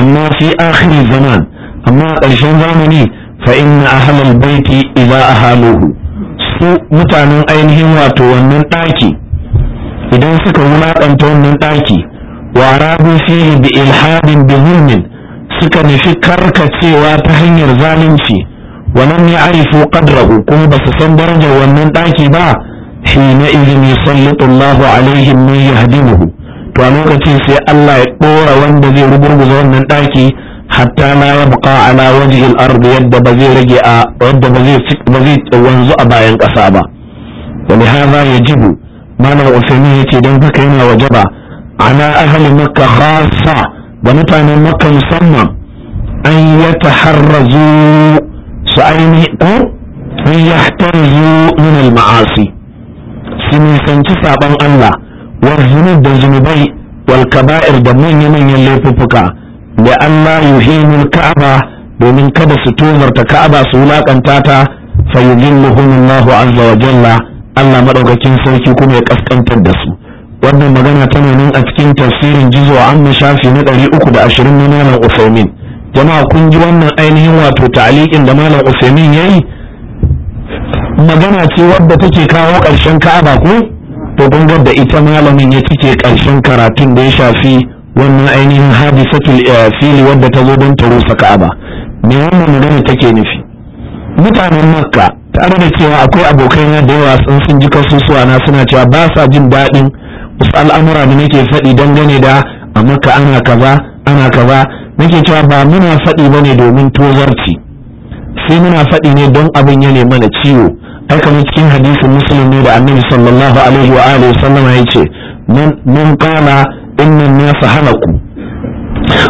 amma fi akhiri zaman amma a ƙarshen zamani fa inna ahlal baiti idza ahaluhu su mutanen ainihin wato wannan ɗaki idan suka wulaƙanta wannan ɗaki wa rabu fihi bi ilhadin bi suka nufi karkacewa ta hanyar zalunci ولم يعرفوا قدره كم بس درجة ومن تاكي با حينئذ يسلط الله عليهم من يهدمه to a lokacin sai Allah ya bora wanda zai rugurguza wannan ɗaki hatta na ya buƙa ala waje al'ardu yadda ba zai rage a yadda ba wanzu a bayan ƙasa ba wani haza ya jibu malam usaini ya ce don yana wajaba ala ahli makka khassa ga mutanen makka musamman an su aini ko yahtarizu min al-ma'asi su nisanci saban Allah wa zunub da zunubai wal kaba'ir da manya-manyan laifuffuka da Allah yuhimul ka'aba domin kada su tomarta ka'aba su wulakanta ta fa yudilluhum Allah azza wa jalla Allah madaukakin sarki kuma ya kaskantar da su wannan magana tana nan a cikin tafsirin jizo amma shafi na 320 na Malam Usaimin jama'a kun ji wannan ainihin wato ta'aliƙin da malam usaimin ya yi magana ce wadda take kawo ƙarshen ka'aba ko to kun da ita malamin ya cike ƙarshen karatun da ya shafi wannan ainihin hadisatul eh, fili wadda ta zo don ta rusa ka'aba me wannan magana take nufi mutanen makka tare da cewa akwai abokaina da yawa sun sun ji kasusuwa na suna cewa ba sa jin daɗin wasu al'amura da nake faɗi dangane da a makka ana kaza ana kaza nake cewa ba muna faɗi ba ne domin tozarci sai muna faɗi ne don abin ya mana ciwo haka mu cikin hadisin muslim da annabi sallallahu alaihi wa alihi sallam ya ce mun kana inna nasa halaku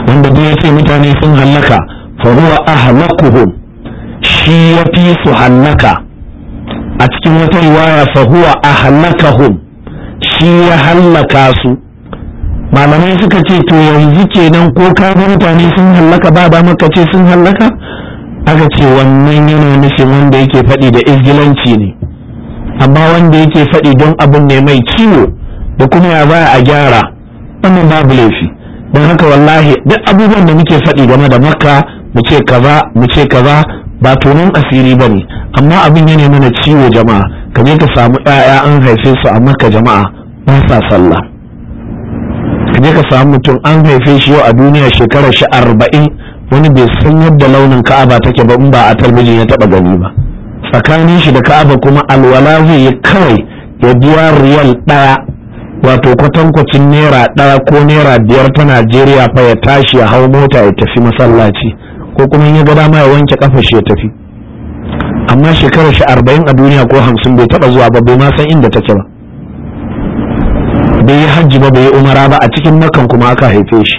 wanda duk yace mutane sun halaka fa huwa ahlakuhum shi ya fi su halaka a cikin wata riwaya fa huwa ahlakahum shi ya halaka su malamai suka ce to yanzu kenan ko ka ga mutane sun hallaka ba ba maka ce sun hallaka aka ce wannan yana nufin wanda yake faɗi da izgilanci ne amma wanda yake faɗi don abin ne mai ciwo da kuma ya baya a gyara wannan babu laifi don haka wallahi duk abubuwan da muke faɗi game da makka mu ce kaza mu ce kaza ba tunan asiri ba ne amma abin yana mana ciwo jama'a kame ka samu 'ya'ya an haife su a makka jama'a ba sa sallah kaje ka samu mutum an haife shi yau a duniya shekarar shi arba'in wani bai san yadda launin ka'aba take ba in ba a talbijin ya taba gani ba tsakanin shi da ka'aba kuma alwala zai yi kawai ya biya riyal ɗaya wato kwatankwacin naira ɗaya ko naira biyar ta najeriya fa ya tashi ya hau mota ya tafi masallaci ko kuma in ya ga dama ya wanke kafa shi ya tafi amma shekarar shi arba'in a duniya ko hamsin bai taba zuwa ba bai ma san inda take ba bai yi hajji ba bai yi umara ba a cikin makan kuma aka haife shi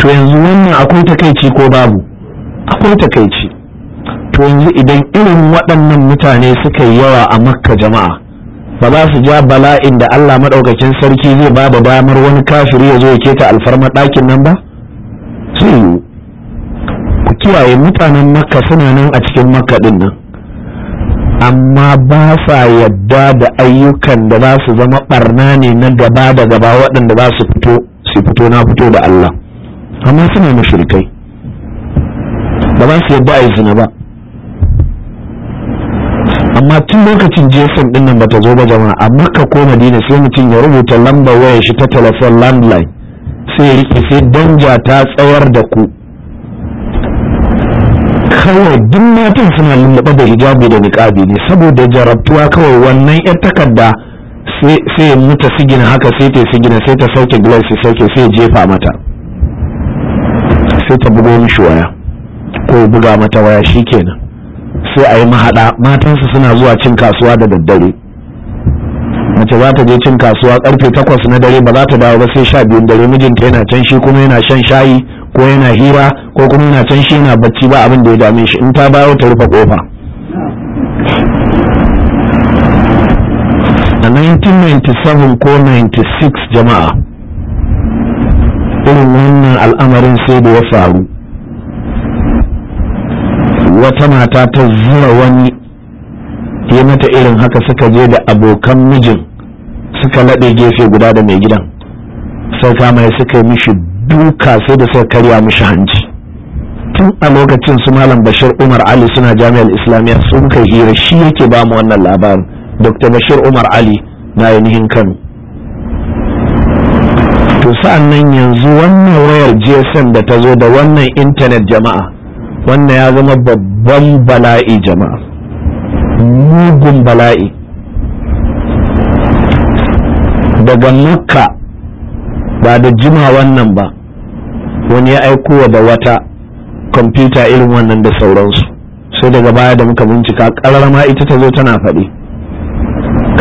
to yanzu wannan akwai takaici ko babu akwai takaici to yanzu idan irin waɗannan mutane suka yi yawa a makka jama'a ba za su ja bala'in da Allah maɗaukakin sarki zai ba da damar wani kafiri ya zo ya keta alfarma ɗakin nan ba ku kiyaye mutanen makka suna nan a cikin makka ɗin nan amma ba sa yadda da ayyukan da za su zama barna ne na gaba da gaba waɗanda za su fito su fito na fito da Allah amma suna mashirkai ba za su yadda a yi zina ba amma tun lokacin jesan din nan bata zo ba jama'a amma ka ko madina sai mutum ya rubuta lambar waya shi ta telefon landline sai ya rike sai danja ta tsayar da ku kawai duk matan suna lullaba da hijabi da niƙabi ne saboda jarabtuwa kawai wannan yar takarda sai ya mutu sigina haka sai ta sigina sai ta sauke glass sai sauke sai jefa mata sai ta bugo mishi waya ko buga mata waya shikenan sai a yi mahaɗa matansu suna zuwa cin kasuwa da daddare mace za ta je cin kasuwa karfe takwas na dare ba za ta dawo ba sai sha biyun dare mijinta yana can shi kuma yana shan shayi ko yana hira ko kuma yana can shi yana bacci ba abin da ya dame shi in ta bayo ta rufe kofa a 1997 ko 96 jama'a irin wannan al'amarin sai da ya faru wata mata ta zura wani ya mata irin haka suka je da abokan mijin suka laɗe gefe guda da mai gidan sai kama suka yi mishi duka sai da suka karya mishi hanci tun a lokacin su malam bashir umar ali suna jami'ar islamiyya sun kai hira shi yake ba mu wannan labarin dr bashir umar ali na ainihin kano to sa'an nan yanzu wannan wayar gsm da ta zo da wannan intanet jama'a wannan ya zama babban bala'i jama'a mugun bala'i daga makka ba da jima wannan ba wani ya aiko wa da wata kwamfuta irin wannan da sauransu sai daga baya da muka bincika ƙarar ma ita ta zo tana faɗi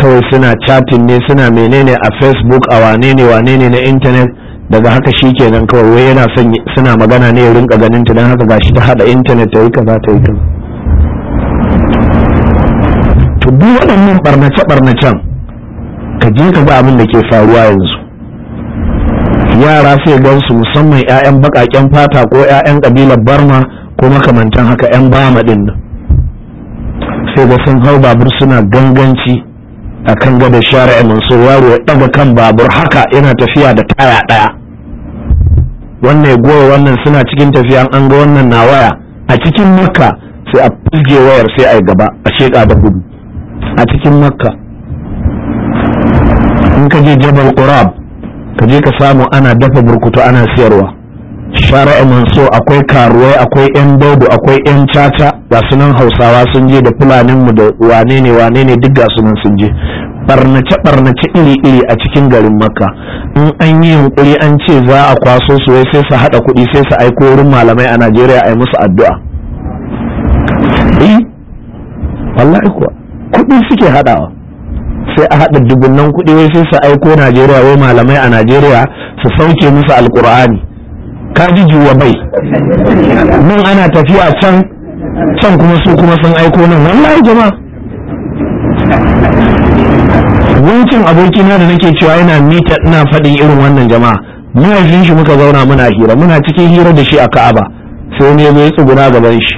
kawai suna chatting ne suna menene a facebook a wane ne wane ne na intanet daga haka shi kenan kawai wai yana son suna magana ne ya rinka ganin ta don haka gashi ta haɗa intanet ta yi kaza ta yi kan to waɗannan barnace barnacen ka je ka ga abin da ke faruwa yanzu yara sai gansu musamman 'ya'yan bakaken fata ko 'ya'yan kabilar barma ko makamantan haka 'yan bama din nan sai ga sun hau babur suna ganganci a kan gada share mansur yaro ya daga kan babur haka yana tafiya da taya daya wannan ya wannan suna cikin tafiya an ga wannan na waya a cikin makka sai a fulge wayar sai a gaba a sheƙa da gudu a cikin makka in ka je jabal qurab ka je ka samu ana dafa burkutu ana siyarwa shara'a manso akwai karuwai akwai yan dodo akwai yan caca ga nan hausawa sun je da mu da wane ne wane ne duk ga nan sun je barnace barnace iri iri a cikin garin makka in an yi yunkuri an ce za a kwaso su wai sai su hada kuɗi sai su aiko wurin malamai a najeriya a yi musu addu'a eh wallahi kuwa kuɗi suke hadawa sai a haɗa dubunnan kuɗi wai sai su aiko najeriya wai malamai a najeriya su sauke musu alkur'ani ka ji juwa bai nan ana tafiya can can kuma su kuma sun aiko nan wallahi jama'a wancan abokina da nake cewa yana mita ina faɗin irin wannan jama'a mahaifin shi muka zauna muna hira muna cikin hira da shi a ka'aba sai ne ya tsuguna gaban shi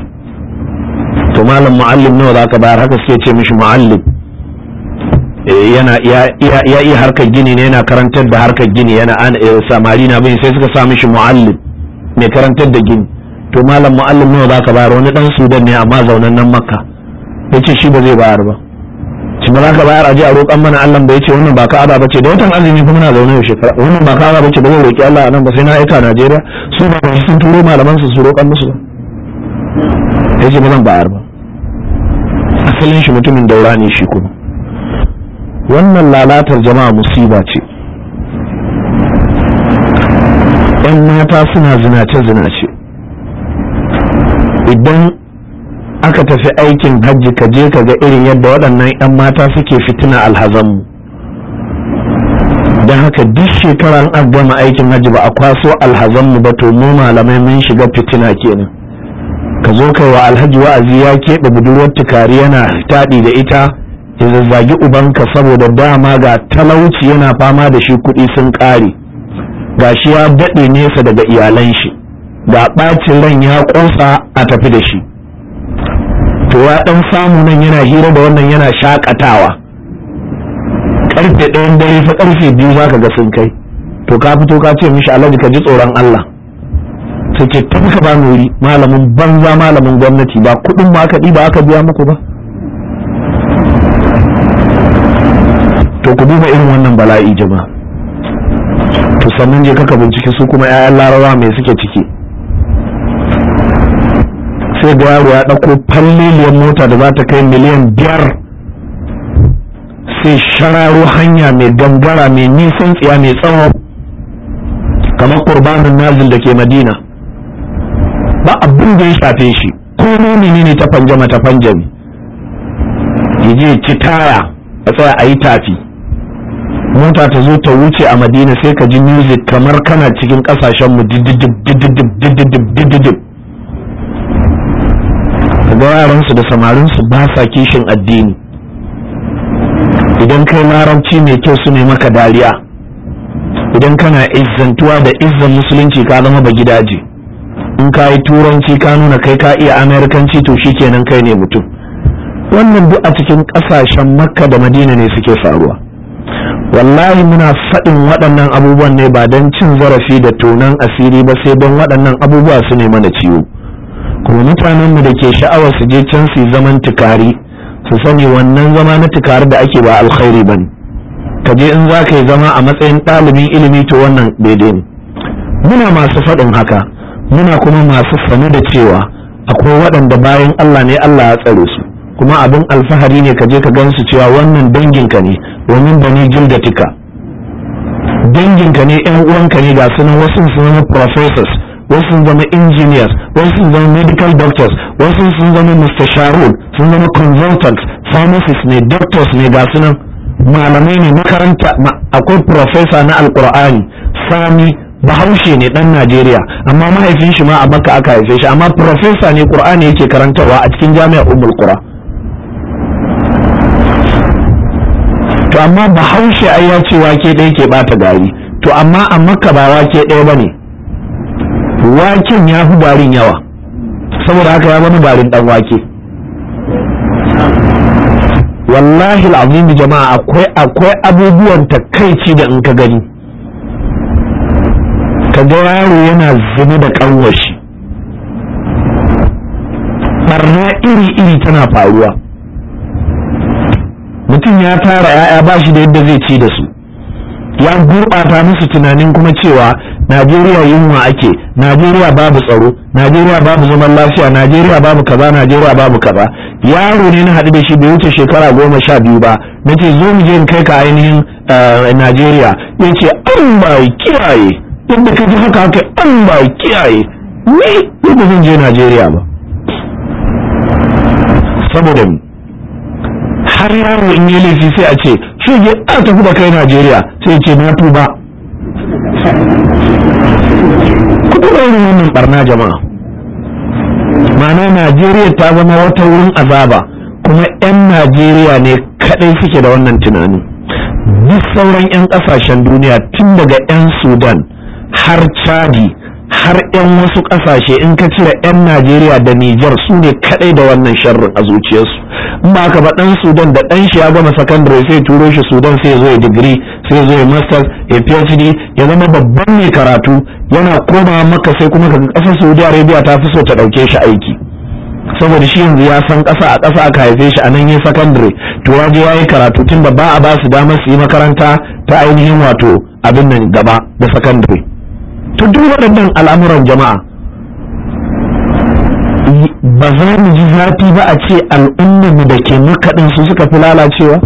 to malam muallim nawa zaka bayar haka suke ce mishi muallim Eh, yana ya iya harkar gini ne yana karantar da harkar gini yana eh, samari na bin sai suka sami shi mu'allim mai karantar da gini to malam mu'allim nawa zaka bayar wani dan sudan ne amma zaunan nan makka yace shi ba zai bayar ba shi ba zaka bayar aje a roƙan mana Allah ba yace wannan ba ka ba bace da watan azumi kuma na zaune yau shekara wannan ba ka bace ba zai roƙi Allah anan ba sai na aika Najeriya su ba sun turo malaman su su roƙan musu ba yace ba zan bayar ba asalin shi mutumin daura ne shi kuma wannan lalatar jama'a musiba ce yan mata suna zinace-zinace idan aka tafi aikin hajji ka je ka ga irin yadda waɗannan 'yan mata suke fitina alhazanmu don haka duk shekarar an gama aikin hajji ba a kwaso alhazanmu ba to mu malamai mun shiga fitina kenan ka zo kai wa alhaji wa'azi ya keɓe budurwar tukari yana taɗi da ita ya zazzagi ubanka saboda dama ga talauci yana fama da shi kuɗi sun ƙare ga shi ya daɗe nesa daga iyalan shi ga ɓacin ran ya ƙosa a tafi da shi to ya ɗan samu nan yana hira da wannan yana shakatawa karfe ɗayan dare fa karfe biyu za ka ga sun kai to ka fito ka ce mishi alhaji ka ji tsoron Allah su ce tun ka ba nuri malamin banza malamin gwamnati ba kuɗin makaɗi aka ɗiba aka biya muku ba to ku duba irin wannan bala'i jima. to sannan je kaka bincike su kuma 'ya'yan larawa mai suke ciki sai da yaro ya ɗauko falliliyar mota da za ta kai miliyan biyar sai shararo hanya mai gangara mai nisan tsiya mai tsawo kamar kurbanin nazil da ke madina ba abin da ya shafe shi ko nomini ne ta fanjama ta fanjami ya je ci tara a tsaya a yi tafi mota ta zo ta wuce a madina sai ka ji music kamar kana cikin kasashen mu dididib ga yaransu da samarinsu ba sa kishin addini idan kai larabci mai kyau su ne maka dariya idan kana izzantuwa da izzan musulunci ka zama ba gidaje in ka yi turanci ka nuna kai ka iya amerikanci to shikenan kai ne mutum wannan duk a cikin kasashen makka da madina ne suke faruwa wallahi muna faɗin waɗannan abubuwan ne ba don cin zarafi da tonan asiri ba sai don waɗannan abubuwa su ne mana ciwo kuma mutanen mu da ke sha'awar su je can su zaman tukari su sani wannan zama na tukari da ake ba alkhairi ba ne ka je in za ka yi zama a matsayin ɗalibin ilimi to wannan daidai ne muna masu faɗin haka muna kuma masu sanu da cewa akwai waɗanda bayan Allah ne Allah ya tsare su kuma abin alfahari ne ka je ka gansu cewa wannan danginka ne domin bani jildatika danginka ne yan uwanka ne ga sunan wasu sun zama professors wasu sun zama engineers wasu sun zama medical doctors wasu sun zama Mr sharon sun zama consultants pharmacists ne doctors ne ga sunan malamai ne makaranta akwai professor na alkur'ani sami bahaushe ne dan Najeriya amma mahaifin shi ma a Makka aka haife shi amma professor ne Qur'ani yake karantarwa a cikin Jami'ar Umar Qura to amma bahaushe ai ya ce wake ɗaya ke bata gari to amma a makka ba wake ɗaya bane ne waken ya fi garin yawa saboda haka ya zama barin dan wake wallahi al'azim jama'a akwai akwai abubuwan takaici da in ka gani ka ga yaro yana zina da ƙanwashi barna iri-iri tana faruwa mutum ya tara ya'ya ba shi da yadda zai ci da su ya gurɓata musu tunanin kuma cewa najeriya yunwa ake najeriya babu tsaro najeriya babu zaman lafiya najeriya babu kaza najeriya babu kaza yaro ne na haɗu da shi bai wuce shekara goma sha biyu ba na ce zo mu je in kai ka ainihin eh, najeriya ya ce an ba kiyaye yadda ka ji haka haka an ba kiyaye ni ba zan je najeriya ba saboda har yaro in yi laifi sai a ce shi ya ta tafi da kai Najeriya sai ce na tuba kuma irin wannan barna jama'a ma'ana Najeriya ta zama wata wurin azaba kuma 'yan Najeriya ne kaɗai suke da wannan tunani duk sauran 'yan ƙasashen duniya tun daga 'yan Sudan har Chadi har 'yan wasu ƙasashe in ka cire 'yan najeriya da nijar su ne kaɗai da wannan sharrin a zuciyarsu in ba ka ba ɗan sudan da ɗan shi ya gama sakandare sai turo shi sudan sai zo ya digiri sai zo ya masters ya phd ya zama babban mai karatu yana koma maka sai kuma kaga ƙasar saudi arabia ta fi so ta ɗauke shi aiki saboda shi yanzu ya san ƙasa a ƙasa aka haife shi a nan ya sakandare to waje ya yi karatu tun da ba a ba su damar su yi makaranta ta ainihin wato abin nan gaba da sakandare to duk waɗannan al'amuran jama'a ba za mu ji zafi ba a ce al'ummarmu da ke makaɗin su suka fi lalacewa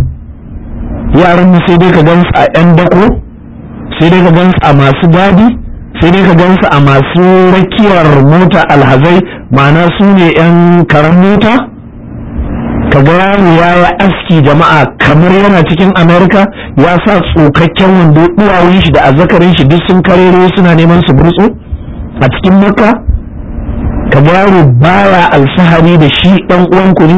yaran mu sai dai ka gansu a 'yan dako sai dai ka gansu a masu dadi, sai dai ka gansu a masu rakiyar mota alhazai ma'ana su ne 'yan karan mota ka ga ya yi aski jama'a kamar yana cikin amurka ya sa tsokakken wando duwawun shi da azzakarin shi duk sun karere suna neman su burtsu a cikin makka ka ga yaro baya alfahari da shi dan uwan ku ne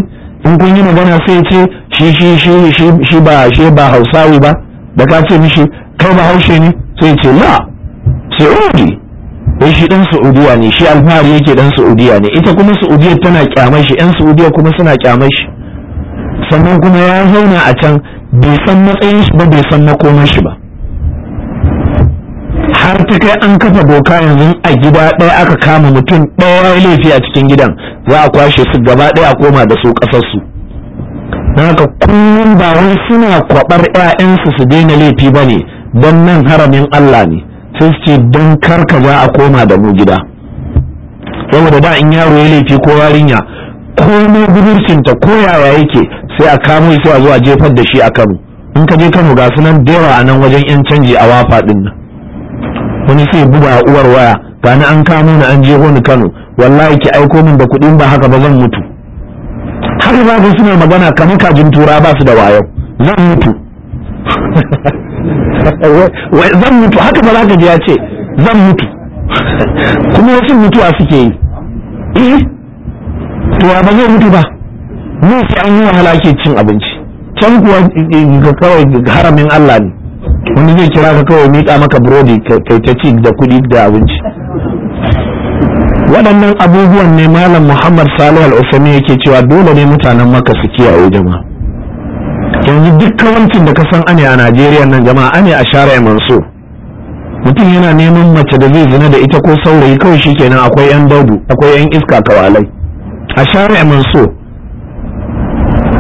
in kun yi magana sai ce shi shi shi shi ba shi ba hausawi ba da ka ce mishi kai ba haushe ne sai ce la saudi wai shi dan saudiya ne shi alfahari yake dan saudiya ne ita kuma saudiya tana kyamar shi yan saudiya kuma suna kyamar shi sannan kuma ya zauna a can bai san matsayin shi ba bai san makomar shi ba har ta kai an kafa doka yanzu a gida ɗaya aka kama mutum ɗaya laifi a cikin gidan za a kwashe su gaba ɗaya a koma da su ƙasarsu na haka kullum ba wai suna kwabar 'ya'yansu su daina laifi ba ne don nan haramin Allah ne sai su ce don karka za a koma da mu gida saboda da in yaro ya laifi ko yarinya komai budurcinta ko yaya yake sai a kamo sai a zuwa jefar da shi a kano in ka je kano ga sunan dewa a nan wajen yan canji a wafa din nan wani sai buga uwar waya ga ni an kamo ni an jefo ni kano wallahi ki aiko min da kuɗin ba haka ba zan mutu har ba su suna magana kamar kajin tura ba su da wayo zan mutu zan mutu haka ba za ka ji ya ce zan mutu kuma wasu mutuwa suke yi eh to ba zai mutu ba mu fi an yi wahala ke cin abinci can kuwa ga kawai haramin Allah ne wani zai kira ka kawai mika maka burodi kai ta ci da kuɗi da abinci waɗannan abubuwan ne malam muhammad salih al-usami yake cewa dole ne mutanen maka su kiyaye jama'a yanzu duk kawancin da ka san ane a najeriya nan jama'a ane a ya manso mutum yana neman mace da zai zina da ita ko saurayi kawai shikenan akwai yan daudu akwai yan iska kawalai a shari'a manso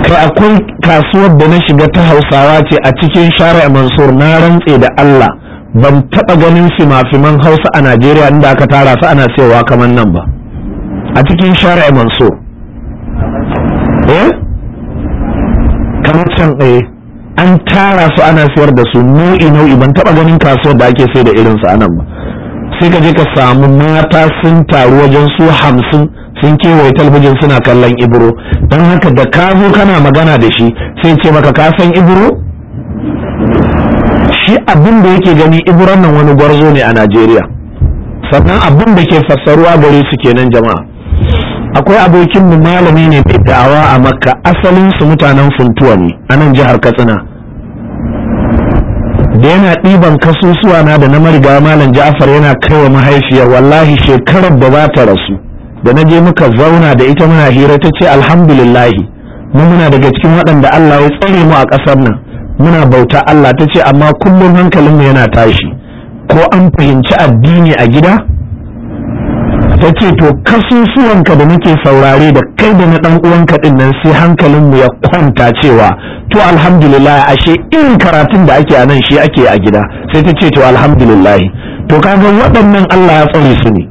kai akwai kasuwar da na shiga ta hausawa ce a cikin shari'a mansur na rantse da allah ban taɓa ganin fima-fiman hausa a najeriya inda aka tara su ana sayowa kamar nan ba a cikin shari'a mansur eh kamar can ɗaya. Eh. an tara su ana sayar da su nau'i nau'i ban taba ganin kasuwar da ake sai da irinsu a nan ba sai ka je ka samu mata sun taru wajen su hamsin sun kewaye talbijin suna kallon ibro don haka da ka zo kana magana da shi sai ce maka ka san ibro shi abin da yake gani iburon nan wani gwarzo ne a najeriya sannan abin da ke fassaruwa gare su kenan jama'a akwai abokin malami ne mai da'awa a makka asalin su mutanen funtuwa ne a nan jihar katsina da yana ɗiban kasusuwa na da na mariga malam ja'afar yana kaiwa mahaifiyar wallahi shekarar da za ta rasu da na je muka zauna da ita muna hira ta ce alhamdulillahi mu muna daga cikin waɗanda Allah ya tsare mu a ƙasar nan muna bauta Allah ta ce amma kullum hankalinmu yana tashi ko an fahimci addini a gida ta ce to kasusuwanka da muke saurare da kai da na dan uwanka din nan sai hankalinmu ya kwanta cewa to alhamdulillah ashe irin karatun da ake a nan shi ake a gida sai ta ce to alhamdulillah to kaga waɗannan Allah ya tsare su ne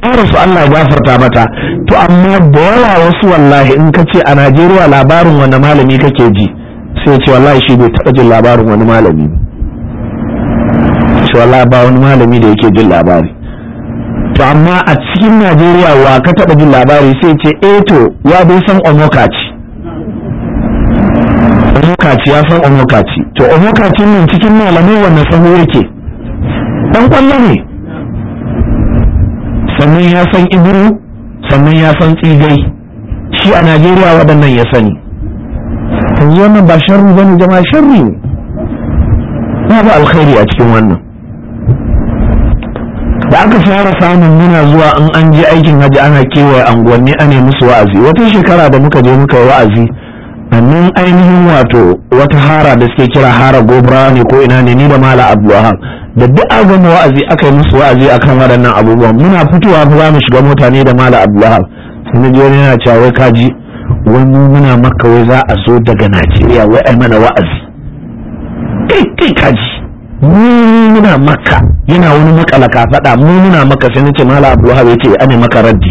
fara su Allah ya gafarta mata to amma da yawa wasu wallahi in ka ce a Najeriya labarin wani malami kake ji sai ce wallahi shi bai taɓa jin labarin wani malami ce wallahi ba wani malami da yake jin labari to amma a cikin najeriya wa ka taɓa jin labari sai ce e to ya dai san omokaci omokaci ya san omokaci to omokacin nan cikin malamai wanne sahu yake dan kwallo ne sannan ya san iburu sannan ya san tsigai shi a najeriya waɗannan ya sani yanzu wannan ba sharri ba ne jama'a sharri ne ba alkhairi a cikin wannan da aka fara samun muna zuwa in an je aikin haji ana kewaye anguwanni ana musu wa'azi wata shekara da muka je muka yi wa'azi nan ainihin wato wata hara da suke kira hara gobara ne ko ina ne ni da mala abdulwahab da duk an gama wa'azi aka yi musu wa'azi a kan waɗannan abubuwa muna fitowa ba za mu shiga mota ne da mala abdulwahab sai na wani yana cewa wai kaji wai mu muna maka wai za a zo daga najeriya wai ai mana wa'azi eh, kai kai kaji muna maka yana wani makalaka faɗa mu muna maka sai nace mala abu wahab yace ane maka raddi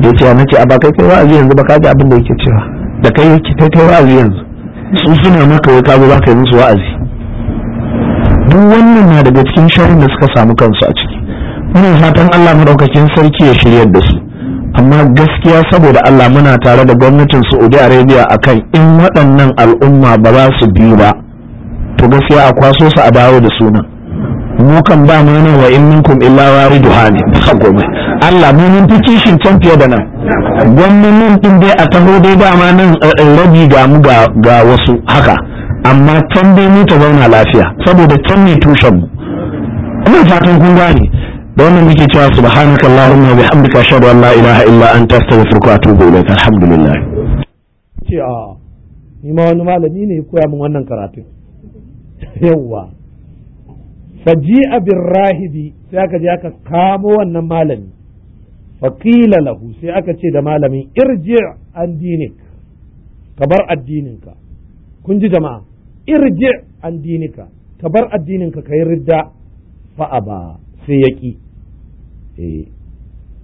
da yace nace a ba kai kai wa'azi yanzu ba ka ji abin da yake cewa da kai yake kai kai wa'azi yanzu su suna maka wai ka zo za ka yi musu wa'azi duk wannan na daga cikin sharrin da suka samu kansu a ciki muna fatan Allah madaukakin sarki ya shiryar da su amma gaskiya saboda Allah muna tare da gwamnatin Saudi Arabia akan in waɗannan al'umma ba za su biyu ba to sai a kwaso su a dawo da sunan mu kan ba mu nan wa in minkum illa wariduha ne gome Allah mu mun fi shin can fiye da nan mun din dai a taho dai ba ma nan eh, eh, rabi ga mu ga wasu haka amma can dai mu ta zauna lafiya saboda can ne tushen mu ina fatan kun gane da wannan muke cewa subhanaka allahumma wa bihamdika ashhadu an la ilaha illa anta astaghfiruka wa atubu ilayk alhamdulillah ce a ni ma wani malami ne ya koya min wannan karatun yawwa faji abin rahibi sai aka je aka kamo wannan malami faƙila lahu sai aka ce da malamin irji an dinik ka bar addininka kun ji jama'a irji an dinika ka bar addininka ka yi ridda fa'a ba sai ya ƙi eh.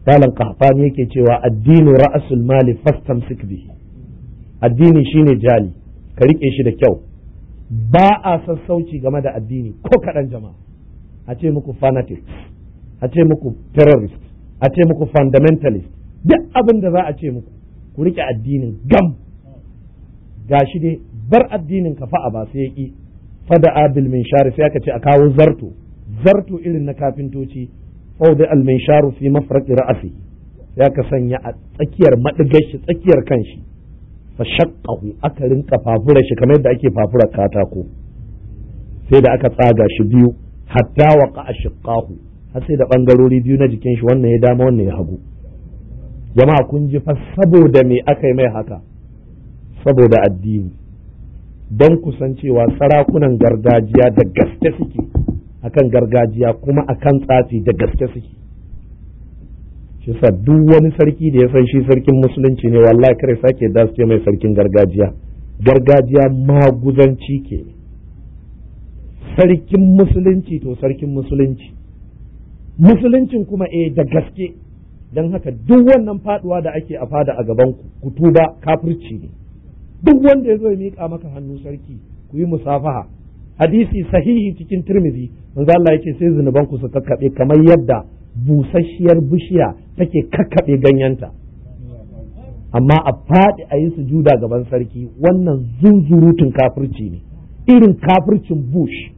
Malam Kahfani yake cewa addini ra'asul mali fastan bihi addini shine jali ka riƙe shi da kyau ba a sassauci game da addini ko kaɗan jama'a a ce muku fanatic a ce muku terrorist a ce muku fundamentalist duk abin da za a ce muku ku riƙe addinin gam gashi dai bar addinin ka fa'a ba sai ya ƙi abil min shari sai aka ce a kawo zarto zarto irin na kafintoci fauda al sharu fi mafraqi ra'asi ya ka sanya a tsakiyar madigar tsakiyar kanshi fa shaqqahu aka rinka fafura shi kamar yadda ake fafura katako sai da aka tsaga shi biyu hatta waqa ashqahu har sai da bangarori biyu na jikin shi wannan ya dama wannan ya hagu jama'a kun ji fa saboda me aka yi mai haka saboda addini don cewa sarakunan gargajiya da gaske suke akan gargajiya kuma akan tsafi da gaske suke shi sa duk wani sarki da ya san shi sarkin musulunci ne wallahi kare sake da ce mai sarkin gargajiya gargajiya maguzanci ke sarkin musulunci to sarkin musulunci musuluncin kuma eh da gaske don haka duk wannan faduwa da ake a fada a gaban ku ku tuba kafirci ne duk wanda ya zo ya miƙa maka hannu sarki ku yi musafaha hadisi sahihi cikin tirmizi manzo Allah yake sai zunuban ku su kakkabe kamar yadda busasshiyar bishiya take kakkaɓe ganyenta amma a faɗi a yi sujuda gaban sarki wannan zunzurutun kafirci ne irin kafircin bush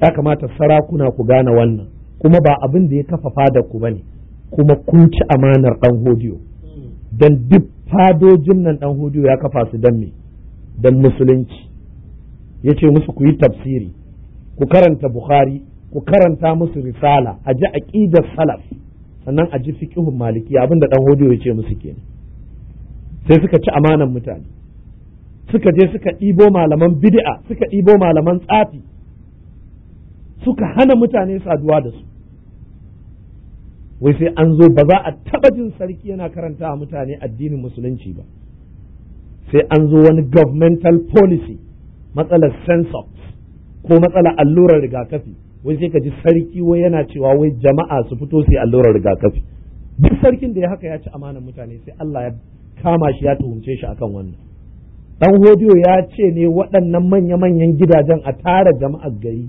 ya kamata sarakuna ku gane wannan kuma ba abin da ya kafa fadar ku ne, kuma kun ci amanar ɗan hodiyo don duk fadojin nan ɗan hodiyo ya kafa su don me don musulunci ya ce musu ku yi tafsiri ku karanta bukhari ku karanta musu risala a ji aqidar salaf sannan a ji fiqhun maliki abinda dan hodo ya ce musu kenan sai suka ci amanan mutane suka je suka ɗibo malaman bid'a suka ɗibo malaman tsafi suka hana mutane saduwa da su wai sai an zo ba za a taɓa jin sarki yana karanta mutane addinin musulunci ba sai an zo wani governmental policy matsalar census ko matsalar allurar rigakafi wai sai ka ji sarki wai yana cewa wai jama'a su fito sai allurar rigakafi duk sarkin da ya haka ya ci amanar mutane sai Allah ya kama shi ya tuhumce shi akan wannan dan hodiyo ya ce ne waɗannan manya-manyan gidajen a tara jama'ar gari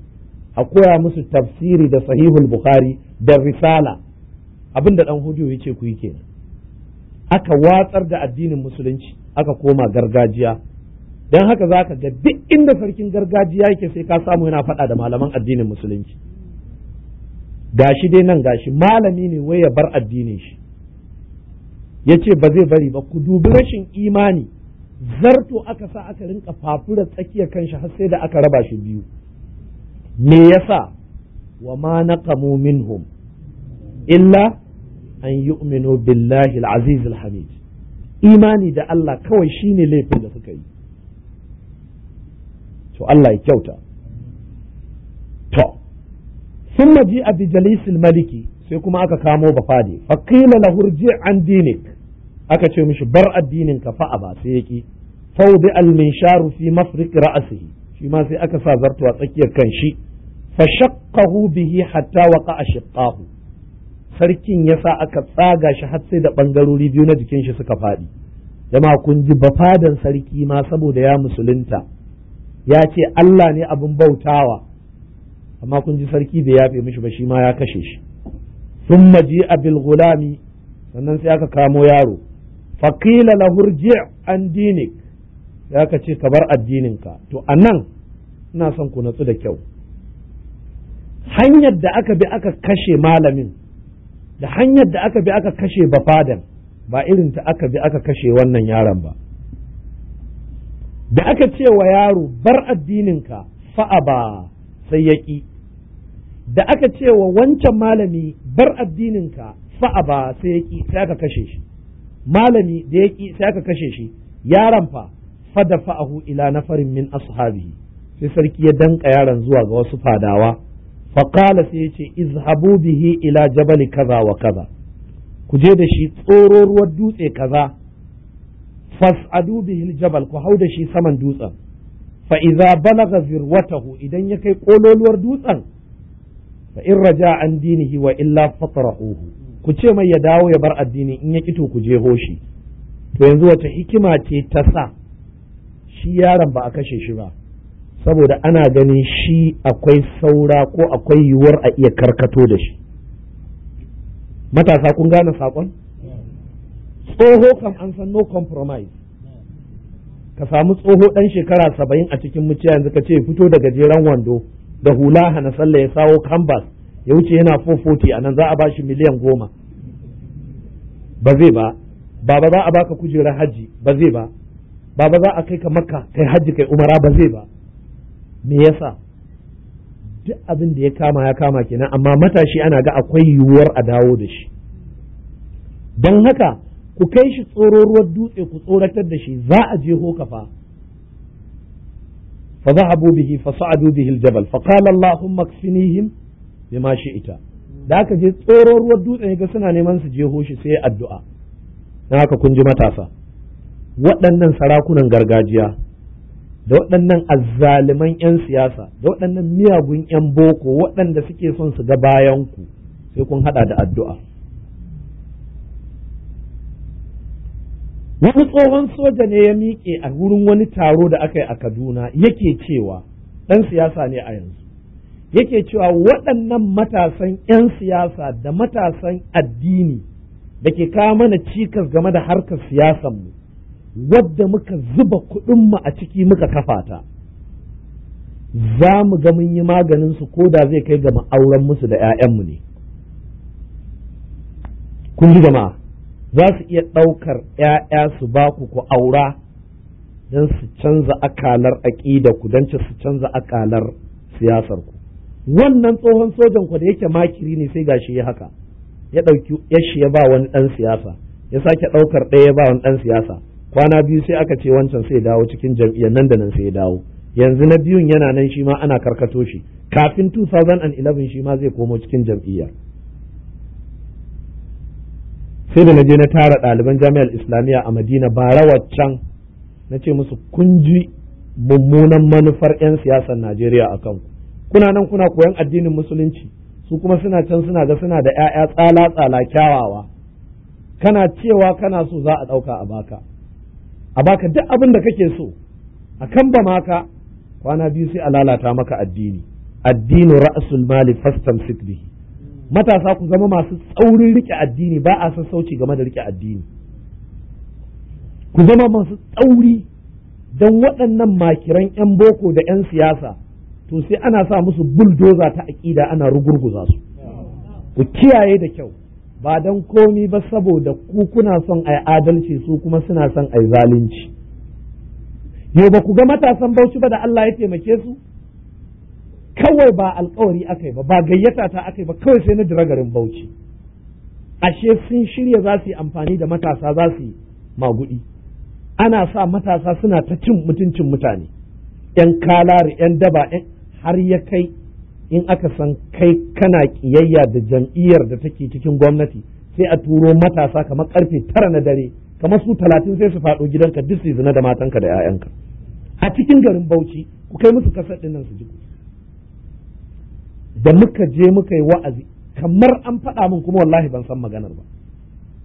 a koya musu tafsiri da sahihul bukhari da risala abin da dan hodiyo ya ce ku yi kenan aka watsar da addinin musulunci aka koma gargajiya Idan haka za ka ga duk inda sarkin gargajiya yake sai ka samu yana faɗa da malaman addinin musulunci gashi dai nan gashi malami ne wai ya bar addinin shi Ya ce ba zai bari ba ku dubi rashin imani zarto aka sa aka rinka fafura tsakiyar kanshi har sai da aka raba shi biyu me yasa wa ma naqamu minhum illa an yu'minu billahi al-aziz al-hamid imani da Allah kawai shine laifin da suka yi to Allah ya kyauta to sun maji a bijalisil maliki sai kuma aka kamo bafade faƙila la hurji an dinik aka ce mishi bar addinin ka fa'a ba sai ya yaki fawdi al minsharu fi mafriq ra'sihi shi ma sai aka sa zarto a tsakiyar kan shi fa shaqqahu bihi hatta waqa ashqahu sarkin yasa aka tsaga shi har sai da ɓangarori biyu na jikin shi suka faɗi jama'a kun ji bafadan sarki ma saboda ya musulunta ya ce Allah ne abin bautawa amma kun ji sarki bai yafe mishi ba shi ma ya kashe shi sun maji a gulami sannan sai aka kamo yaro faƙila lahur an dinik ya ka ce ka bar addininka to a nan ina son ku natsu da kyau hanyar da aka bi aka kashe malamin da hanyar da aka bi aka kashe bafadan ba irin ta aka bi aka kashe wannan yaron ba da aka ce wa yaro bar addininka fa'aba sai ya ƙi da aka ce wa wancan malami bar addininka fa'aba sai ya ƙi sai aka kashe shi malami da ya ƙi sai aka kashe shi yaron fa fada fa'ahu ila nafarin min ashabi sai sarki ya danka yaron zuwa ga wasu fadawa faƙala sai ya ce izhabu bihi ila jabali kaza wa kaza ku je da shi tsoro ruwan dutse kaza fas'adu bihil jabal ku hau da shi saman dutsen fa idza balagha zirwatahu idan ya kai kololuwar dutsen fa in raja an dinihi wa illa fatrahuhu ku ce mai ya dawo ya bar addini in ya kito ku je hoshi to yanzu wace hikima ce ta sa shi yaron ba a kashe shi ba saboda ana ganin shi akwai saura ko akwai yiwuwar a iya karkato da shi matasa kun gane saƙon tsoho kan an san no compromise ka samu tsoho ɗan shekara saba'in a cikin muciya yanzu ka ce fito da gajeren wando da hula hana sallah ya sawo canvas ya wuce yana 440 a nan za a ba shi miliyan goma ba zai ba baba za a baka kujerar hajji ba zai ba baba za a kai ka makka kai hajji kai umara ba zai ba me yasa duk abin da ya kama ya kama kenan amma matashi ana ga akwai yiwuwar a dawo da shi don haka ku kai shi tsororuwar dutse ku tsoratar da shi za a je hoka fa fa zahabu bihi fa sa'adu bihi aljabal fa qala allahumma kfinihim bima shi'ita da aka je tsororuwar dutse ga suna neman su je hoshi sai addu'a na haka kun ji matasa waɗannan sarakunan gargajiya da waɗannan azzaliman 'yan siyasa da waɗannan miyagun 'yan boko waɗanda suke son su ga bayanku sai kun haɗa da addu'a wani tsohon soja ne ya miƙe a wurin wani taro da aka yi a kaduna yake cewa ɗan siyasa ne a yanzu yake cewa waɗannan matasan 'yan siyasa da matasan addini da ke kawo mana cikas game da harkar siyasanmu wadda muka zuba kuɗinmu a ciki muka kafa ta za mu ga mun yi maganin su ko da zai kai ga auren musu da 'ya'yanmu ne kun ji jama'a za su iya ɗaukar ‘ya'ya su ba ku ku aura don su canza akalar aƙida ku don su canza akalar siyasar ku wannan tsohon sojan ku da yake makiri ne sai gashi ya haka ya ɗauki yashi ya ba wani ɗan siyasa ya sake ɗaukar ɗaya ya ba wani ɗan siyasa kwana biyu sai aka ce wancan sai dawo cikin jam'iyyar nan da nan sai ya dawo yanzu na biyun yana nan shi ma ana karkato shi kafin 2011 shi ma zai komo cikin jam'iyyar sai da na je na tara ɗaliban jami'ar islamiyya a madina bara waccan na ce musu kun ji mummunan manufar 'yan siyasar najeriya a kan kuna nan kuna koyan addinin musulunci su kuma suna can suna ga suna da 'ya'ya tsala tsala kyawawa kana cewa kana so za a ɗauka a baka a baka duk abin da kake so a kan ba maka kwana biyu sai a lalata maka addini addinin ra'asul mali fastamsik bihi matasa ku zama masu tsaurin rike addini ba a sauci game da rike addini ku zama masu tsauri don waɗannan makiran 'yan boko da 'yan siyasa to sai ana sa musu buldoza ta aƙida ana rugurguza su ku kiyaye da kyau ba don komi ba saboda ku kuna son a adalci su kuma suna son a zalunci yau ba ku ga matasan bauchi ba da Allah ya taimake su kawai ba alkawari aka yi ba ba gayyata ta aka yi ba kawai sai na dira garin bauchi ashe sun shirya za su yi amfani da matasa za su yi magudi ana sa matasa suna ta cin mutuncin mutane yan kalari yan daba har ya kai in aka san kai kana kiyayya da jam'iyyar da take cikin gwamnati sai a turo matasa kamar karfe tara na dare kamar su talatin sai su faɗo gidanka duk su zina da matanka da 'ya'yanka a cikin garin bauchi ku kai musu kasar ɗin nan su ji ku da muka je muka yi wa'azi kamar an faɗa min kuma wallahi ban san maganar ba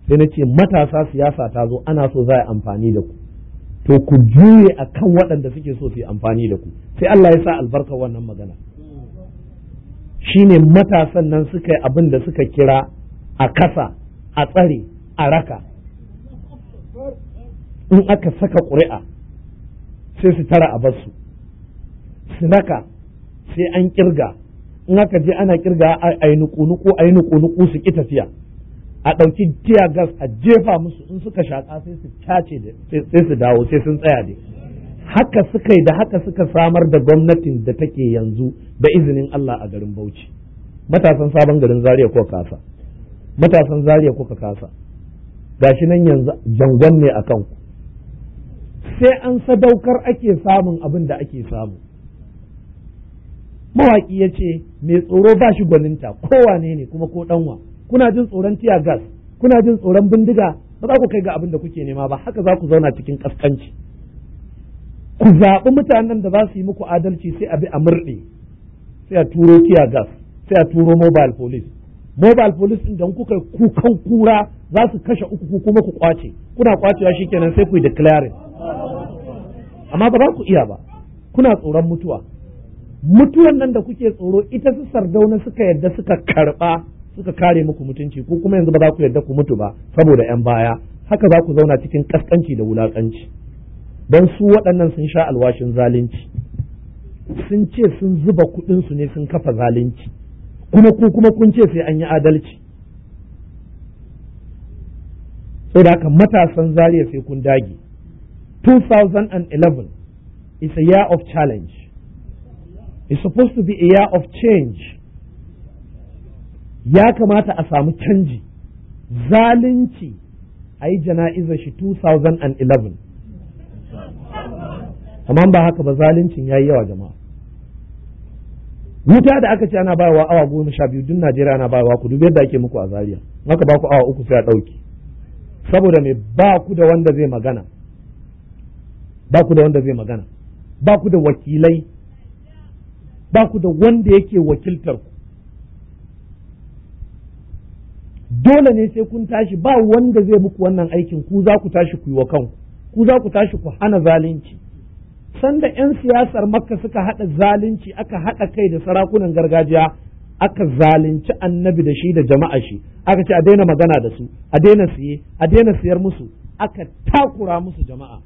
sai na ce matasa siyasa ta zo ana so za a amfani da ku to ku juye a kan waɗanda suke so su yi amfani da ku sai Allah ya sa albarka wannan magana shine matasan nan suka yi abin da suka kira a kasa a tsare a raka in aka saka ƙuri'a sai su tara a basu su raka sai an ƙirga. in aka je ana kirga a yi nuku a yi nuku su ki tafiya a ɗauki tear gas a jefa musu in suka shaƙa sai su cace sai su dawo sai sun tsaya dai haka suka yi da haka suka samar da gwamnatin da take yanzu da izinin Allah a garin Bauchi matasan sabon garin Zaria ko kasa matasan Zaria ko kasa gashi nan yanzu jangon ne akan ku sai an sadaukar ake samun abin da ake samu mawaƙi ya ce mai tsoro ba shi gwaninta kowane ne kuma ko ɗanwa kuna jin tsoron tiya gas kuna jin tsoron bindiga ba za ku kai ga abin da kuke nema ba haka za ku zauna cikin ƙasƙanci. ku zaɓi mutanen da za su yi muku adalci sai a bi a murɗe sai a turo tiya gas sai a turo mobile police mobile police ɗin don kuka kukan kura za su kashe uku ku kuma ku kwace kuna kwacewa shikenan sai ku yi declaring amma ba za ku iya ba kuna tsoron mutuwa mutuwan nan da kuke tsoro ita su sardauna suka yadda suka karɓa suka kare muku mutunci ko kuma yanzu ba za ku yadda ku mutu ba saboda yan baya haka za ku zauna cikin kaskanci da wulakanci don su waɗannan sun sha alwashin zalunci sun ce sun zuba kuɗinsu ne sun kafa zalunci kuma ku kuma kun ce sai an yi adalci saboda haka matasan zariya sai kun dage 2011 is a year of challenge is supposed to be a year of change ya kamata a samu canji zalunci a yi jana'izar shi 2011 amma ba haka ba zaluncin ya yi yawa jama'a wuta da aka ce ana bayarwa awa goma sha biyu duk najeriya ana bayarwa ku dubi yadda ake muku a Zariya. maka ba ku awa uku sai a ɗauki saboda me ba ku da wanda zai magana ba ku da wanda zai magana ba ku da wakilai ba ku da wanda yake wakiltar ku dole ne sai kun tashi ba wanda zai muku wannan aikin ku za ku tashi ku yi wa kanku ku za ku tashi ku hana zalunci sanda 'yan siyasar makka suka haɗa zalunci aka haɗa kai da sarakunan gargajiya aka zalunci annabi da shi da jama'a shi aka ce a daina magana da su a daina siye a daina siyar musu aka takura musu jama'a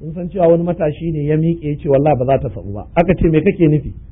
in san cewa wani matashi ne ya miƙe ya ce wallahi ba za ta sabu ba aka ce me kake nufi